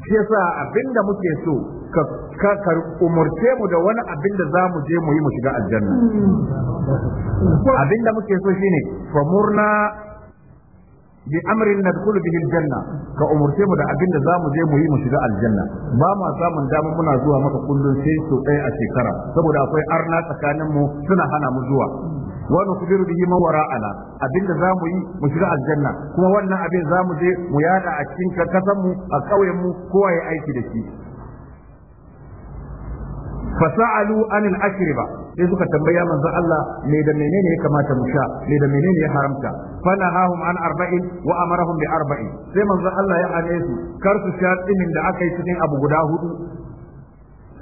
shi yasa abinda muke so ka ka umurce mu da wani abinda za mu je mu yi mu shiga aljanna hmm. abinda muke so shine famurna bi amrin nadkhulu bihi aljanna ka umurce mu da abinda mu je mu yi mu shiga aljanna ba ma samun dama muna zuwa maka kullun sai su ɗaya a shekara saboda akwai arna tsakanin mu suna hana mu zuwa wa nukhbiru bihi ma wara'ana abinda mu yi mu shiga aljanna kuma wannan abin zamu je mu yada a cikin kasan mu a kauyen mu kowa ya aiki da shi fasalu anil ashriba sai suka tambaya manzo Allah me da menene ya kamata mu sha me da menene ya haramta fanahahum an arba'in wa amarahum bi arba'in sai manzo Allah ya ane su kar su sha tsimin da aka yi cikin abu guda hudu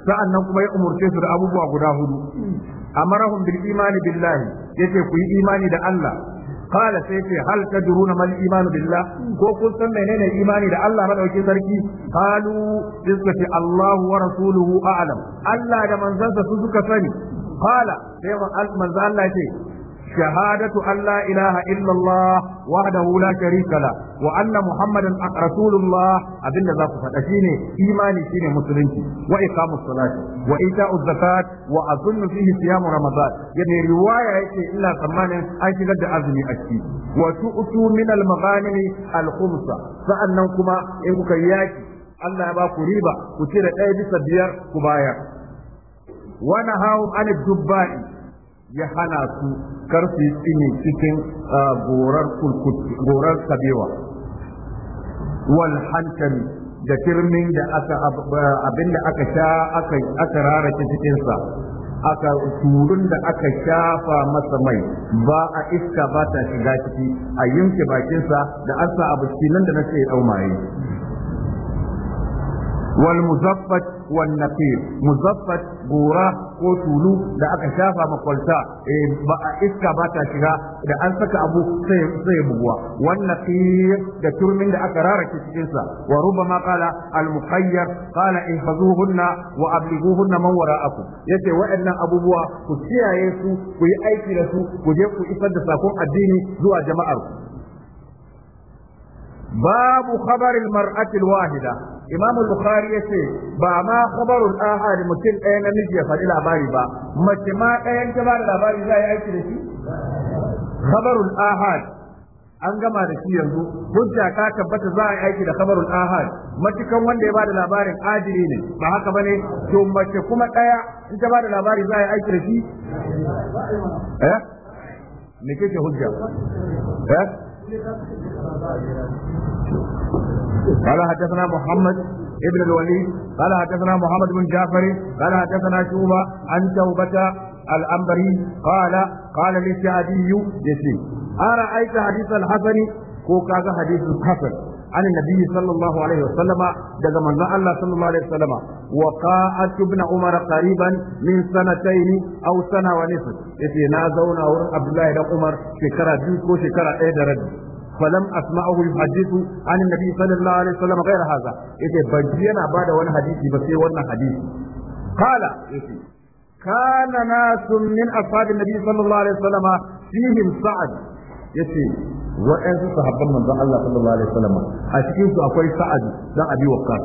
sa'annan kuma ya umurce su da abubuwa guda hudu amarahum bil imani billahi yace ku yi imani da Allah qala sai ce hal tadruna mal iman billah ko kun san menene imani da Allah madaukin sarki qalu bisbati Allah wa rasuluhu a'lam Allah da manzansa su suka sani qala sai manzo Allah ce شهادة أن لا إله إلا الله وحده لا شريك له وأن محمدا رسول الله أبن ذاك فتشيني إيماني شيني مسلمتي وإقام الصلاة وإيتاء الزكاة وأظن فيه صيام رمضان يعني رواية إلا ثمان أي قد أزمي أشي وتؤتوا من المغانم الخمسة فأنكما إن كياكي الله يبارك ريبة وتير أي بس بيار كبايا ونهاهم عن الدبائي ya hana su kar tsini cikin ah, gorar sabewa, wal hankali da kirmin da aka ah, abinda aka sha aka rarake cikinsa aka turun da aka shafa masa mai ba a iska ba ta shiga ciki a yanke bakinsa da an sa abu nan da na ce ya wal muzaffat wan muzaffat gora ko tulu da aka shafa makwalta ba a iska ba ta shiga da an saka abu sai sai buguwa wan naqir da turmin da aka rarake cikin sa wa rubama qala al muqayyar qala ihfazuhunna wa ablighuhunna man wara'akum yace waɗannan abubuwa ku kiyaye su ku yi aiki da su ku je ku isar da sakon addini zuwa jama'ar babu خبر المرأة wahida imam البخاري ya ce ba ma khabarul مثل أين ɗaya فالي ya faɗi labari ba mace ma ɗayan ta أي شيء labari za a yi aiki da shi an gama da shi yanzu hujja ta tabbata za a yi aiki da khabarul ahad matukan wanda ya bada labarin ajiri ne ba haka bane to mace kuma ɗaya in ta bada labari za a yi aiki da shi eh me kike hujja eh قال حدثنا محمد ابن الوليد قال حدثنا محمد بن جعفر قال حدثنا شوبة عن توبة الأنبري قال قال للشعبي يسي أرأيت حديث الحسن كوكا حديث الحسن عن النبي صلى الله عليه وسلم دغ من الله صلى الله عليه وسلم وقاعت ابن عمر قريبا من سنتين او سنه ونصف يتي نازونا ورن عبد الله بن عمر شكرا دي كو شكرا ايه درجه فلم أسمعه يحدث عن النبي صلى الله عليه وسلم غير هذا يتي بجينا بعد وانا حديثي بس وانا حديث قال يتي كان ناس من أصحاب النبي صلى الله عليه وسلم فيهم سعد يتي waɗansu sahabban manzon Allah sallallahu alaihi wasallam a cikin su akwai sa'ad dan abi waqqas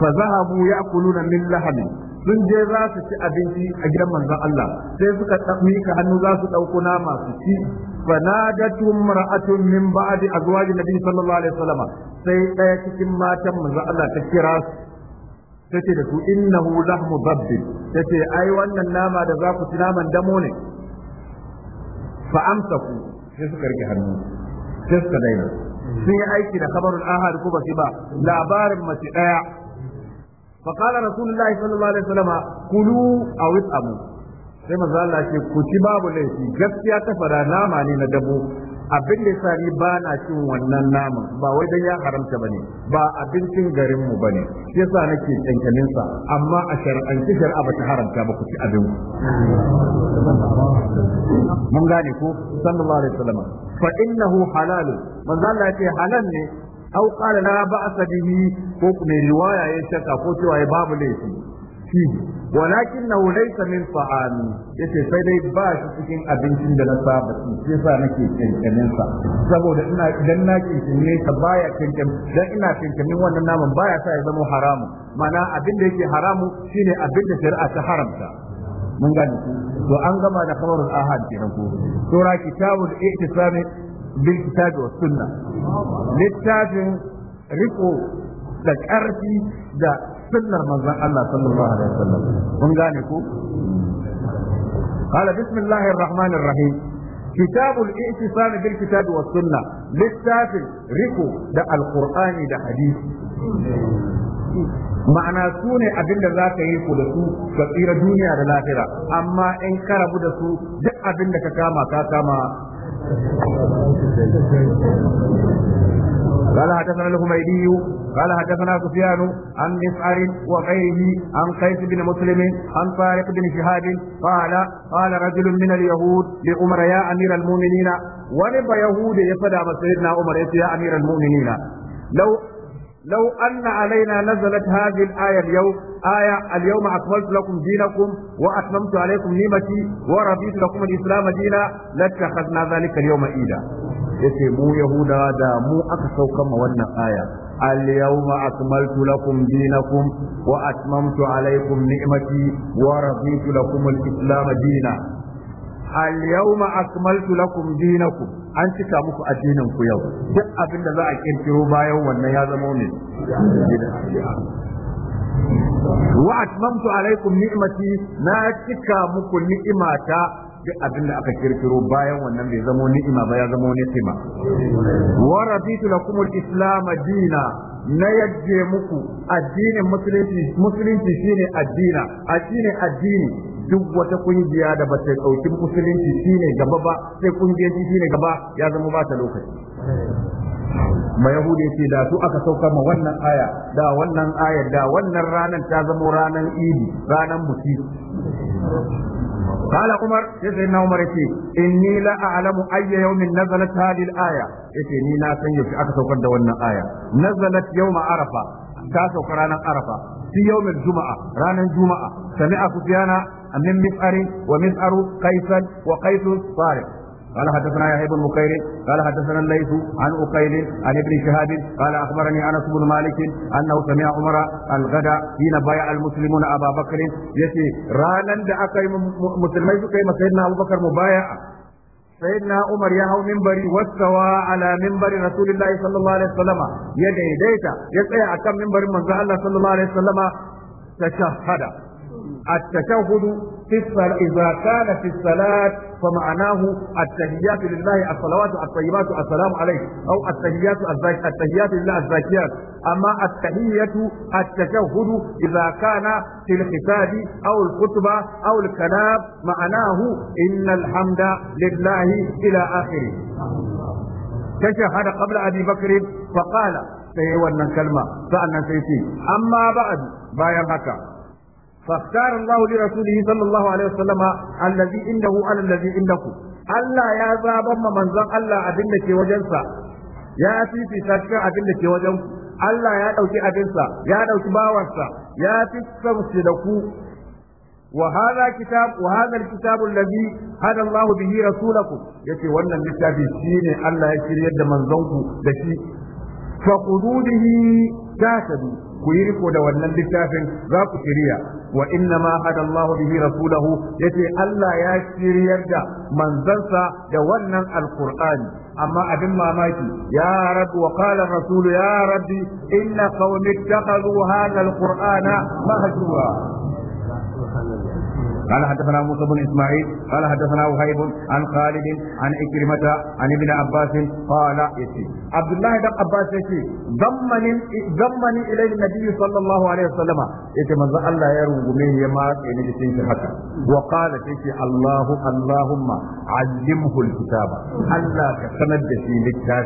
fa zahabu ya'kuluna min lahmi sun je za su ci abinci a gidan manzon Allah sai suka mika hannu za su dauko nama su ci فنادت امرأة من a zuwa النبي صلى alaihi عليه sai ɗaya cikin matan manzo Allah ta kira ta ce da su innahu lahmu babbin ta ce ai wannan nama da za ku ci naman damo ne fa amsaku sai suka rike hannu sai daina sun yi aiki da kabarul ahad ko ba ba labarin mace daya فقال رسول الله صلى الله عليه وسلم كلوا sai manzo Allah ce ku ci babu laifi gaskiya ta fara nama ne na dabo abin da yasa ba na cin wannan naman ba wai dan ya haramta bane ba abincin garin mu bane yasa nake kankanin sa amma a ki shar'a ba ta haramta ba ku ci abin mun gane ko sallallahu alaihi wasallam fa innahu halal man zalla yake halal ne au qala la ba'sa bihi ko kuma riwaya ya shaka ko cewa babu laifi ولكنه ليس من طعامي ce sai dai ba shi cikin abincin da na saba ci sai sa nake kankanin sa saboda ina idan na kinkine ta baya kankan dan ina kankanin wannan naman baya sa ya zama haramu mana abin da yake haramu shine abin da shari'a ta haramta mun gani to an gama da kamarul ahad kenan ko sura kitabul ihtisami bil kitabi was sunna littafin riko da ƙarfi da sunnar manzon Allah sallallahu alaihi wasallam kun gane ku? قال بسم الله الرحمن الرحيم كتاب الاعتصام بالكتاب والسنة للسافر ركو ده القرآن ده حديث ma'ana su ne abin da za yi ku su ka tsira duniya da lahira amma in ka rabu da su duk abin da ka kama ka kama قال حدثنا الحميدي قال حدثنا سفيان عن مسعر وغيره عن قيس بن مسلم عن طارق بن شهاب قال قال رجل من اليهود لعمر يا امير المؤمنين ولب يهود يفدى سيدنا عمر يا امير المؤمنين لو لو أن علينا نزلت هذه الآية اليوم آية اليوم أكملت لكم دينكم وأتممت عليكم نعمتي ورضيت لكم الإسلام دينا لاتخذنا ذلك اليوم إيدا yace mu Yahuda da mu aka saukan ma wannan aya اليوم أكملت لكم دينكم وأتممت عليكم نعمتي ورضيت لكم الإسلام دينا اليوم أكملت لكم دينكم an cika muku addinin yau duk abin da za a kirkiro bayan wannan ya zama ne wa atmamtu alaikum ni'mati na cika muku ni'imata duk abin da aka kirkiro bayan wannan bai zama ni'ima ba ya zama ni'ima wa raditu lakum al-islam dina na yajje muku addinin musulunci musulunci shine addina addini addini duk wata kungiya da ba ta dauki musulunci shine gaba ba sai kungiyanci shine gaba ya zama ba ta lokaci ma yahudi ce da su aka sauka ma wannan aya da wannan aya da wannan ranar ta zama ranar idi ranar musi قال عمر سيدنا عمر يتي إني لا أعلم أي يوم نزلت هذه الآية يتي ني لا سنيف أكثر قد ون آية نزلت يوم عرفة تاسو قرانا عرفة في يوم الجمعة رانا الجمعة سمع سفيان من مسأر ومسأر قيس وقيس طارق قال حدثنا يحيى بن بكير قال حدثنا الليث عن أقيل عن ابن شهاب قال أخبرني أنس بن مالك أنه سمع عمر الغداء حين بايع المسلمون أبا بكر يتي رانا دعك مسلمين كيما سيدنا أبو بكر مبايع سيدنا عمر يا هو منبري واستوى على منبر رسول الله صلى الله عليه وسلم يدعي ديتا يسعى أكم منبر من الله صلى الله عليه وسلم تشهد التشهد في الصلاة إذا كان في الصلاة فمعناه التحيات لله الصلوات الطيبات السلام عليك أو التحيات التحيات لله الزاكيات أما التحية التشهد إذا كان في الخطاب أو الخطبة أو الكلام معناه إن الحمد لله إلى آخره تشهد قبل أبي بكر فقال sai wannan kalma sa'annan sai ce amma ba'ad bayan haka فاختار الله لرسوله صلى الله عليه وسلم الذي عنده على الذي عندكم Allah ya zaban ma manzon Allah abin ke wajensa ya fifita cikin abin da ke wajen Allah ya ɗauki abinsa ya ɗauki bawansa ya fi da ku وهذا كتاب وهذا الكتاب الذي هدى الله به رسولكم yace wannan littafi shine Allah ya shiryar da manzonku da shi fa ku yi riko da wannan littafin za ku shirya wa inna ma hada Allahu bihi rasulahu yace Allah ya shiryar da manzansa da wannan alqur'ani amma abin mamaki ya rab wa qala rasul ya rabbi inna qaumi ittakhadhu hadha alqur'ana mahjura قال حدثنا موسى بن اسماعيل قال حدثنا وهيب عن خالد عن عكرمة عن ابن عباس قال يتي عبد الله بن عباس يتي ضمني ضمني اليه النبي صلى الله عليه وسلم يتي من الله يرغمه يما كان يتي حتى وقال يتي الله اللهم علمه الكتاب الله كسند في للكتاب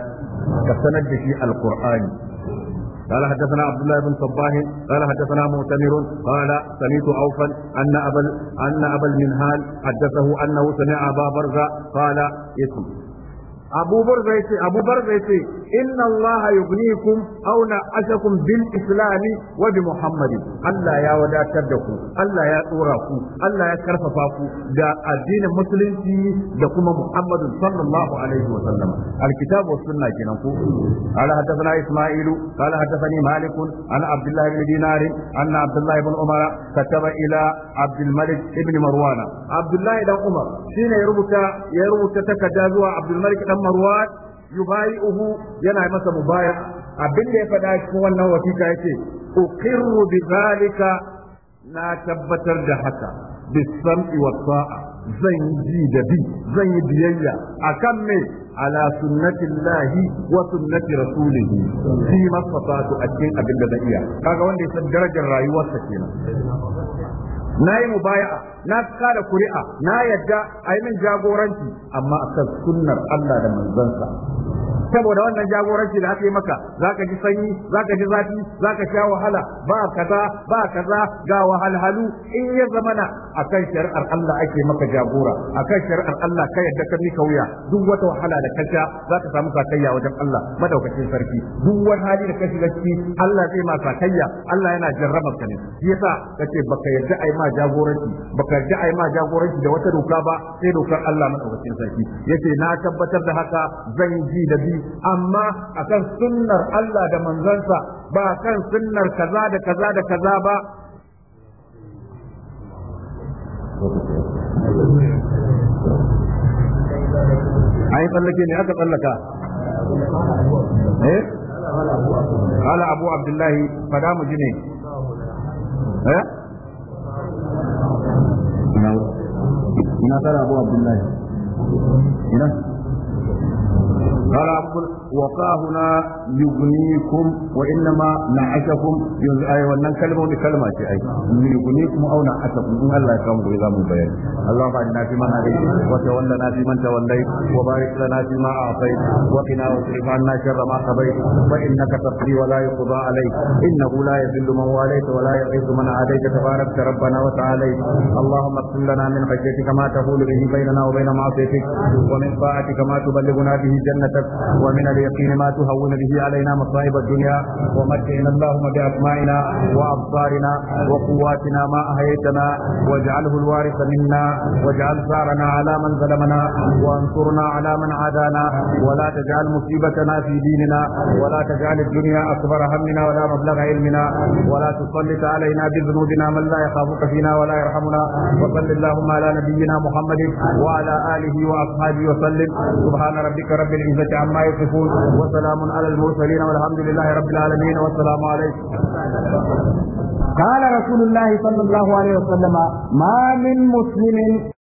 كسند في القرآن قال حدثنا عبد الله بن صباح قال حدثنا مؤتمر قال سمعت عوفا ان ابا ان ابا المنهال حدثه انه سمع ابا برزه قال اسم abu barza yace abu barza yace inna allaha yughnikum auna na'ashakum bil islam wa bi Allah ya wadatar da ku Allah ya tsora ku Allah ya karfafa ku da addinin musulunci da kuma muhammad sallallahu alaihi wa sallam alkitab wa sunna kenan ku ala hadathana isma'il qala hadathani malik an abdullah ibn dinar anna abdullah ibn umar kataba ila abdul ibn marwana abdullah ibn umar shine ya rubuta ya rubuta takarda zuwa abdul malik yubayi'uhu yana masa mubaya abin da ya faɗa cikin wannan wasiƙa yake, uqirru bizalika na tabbatar da haka bisam'i wa ta'a zan ji da bi zan yi biyayya akan me ala sunnatillahi wa sunnati rasulihi fi masfatu a cikin abin da zan iya kaga wanda ya san darajar rayuwarsa kenan na yi mubaya'a na da kuri'a na yadda a yi min jagoranci amma a kan sunnar Allah da manzansa saboda wannan jagoranci da aka yi maka zaka ji sanyi zaka ji zafi zaka sha wahala ba kaza ba kaza ga wahalhalu in ya zamana akan shari'ar Allah ake maka jagora akan shari'ar Allah ka yadda ka mika wuya duk wata wahala da ka sha zaka samu sakayya wajen Allah madaukakin sarki duk wani hali da ka shiga ciki Allah zai ma sakayya Allah yana jarrabar ka ne yasa kace baka yarda ai ma jagoranci baka yadda ai ma jagoranci da wata doka ba sai dokar Allah madaukakin sarki yace na tabbatar da haka zan ji da bi amma akan sunnar Allah da manzansa ba kan sunnar kaza da kaza da kaza ba ai tsallake ne aka قال أبو عبد الله فدام ها ina tara abu ina سارا آپ کو وقا هنا يغنيكم وإنما نعشكم أي وأن كلمة بكلمة أي يغنيكم أو نعشكم إن الله يكرمك إذا من بيان اللهم أجنا فيما هديت وتولنا فيمن توليت وبارك لنا فيما أعطيت وقنا واصرف عنا شر ما قضيت فإنك تقضي ولا يقضى عليك إنه لا يذل من واليت ولا يعز من عاديت تبارك ربنا وتعاليت اللهم اقسم لنا من خشيتك ما تحول به بيننا وبين معصيتك ومن طاعتك ما تبلغنا به جنتك ومن يقين ما تهون به علينا مصائب الدنيا ومتعنا اللهم بأسمائنا وأبصارنا وقواتنا ما أهيتنا واجعله الوارث منا واجعل ثارنا على من ظلمنا وانصرنا على من عادانا ولا تجعل مصيبتنا في ديننا ولا تجعل الدنيا أكبر همنا ولا مبلغ علمنا ولا تسلط علينا بذنوبنا من لا يخافك فينا ولا يرحمنا وصل اللهم على نبينا محمد وعلى آله وأصحابه وسلم سبحان ربك رب العزة عما يصفون وسلام على المرسلين والحمد لله رب العالمين والسلام عليكم قال رسول الله صلى الله عليه وسلم ما من مسلم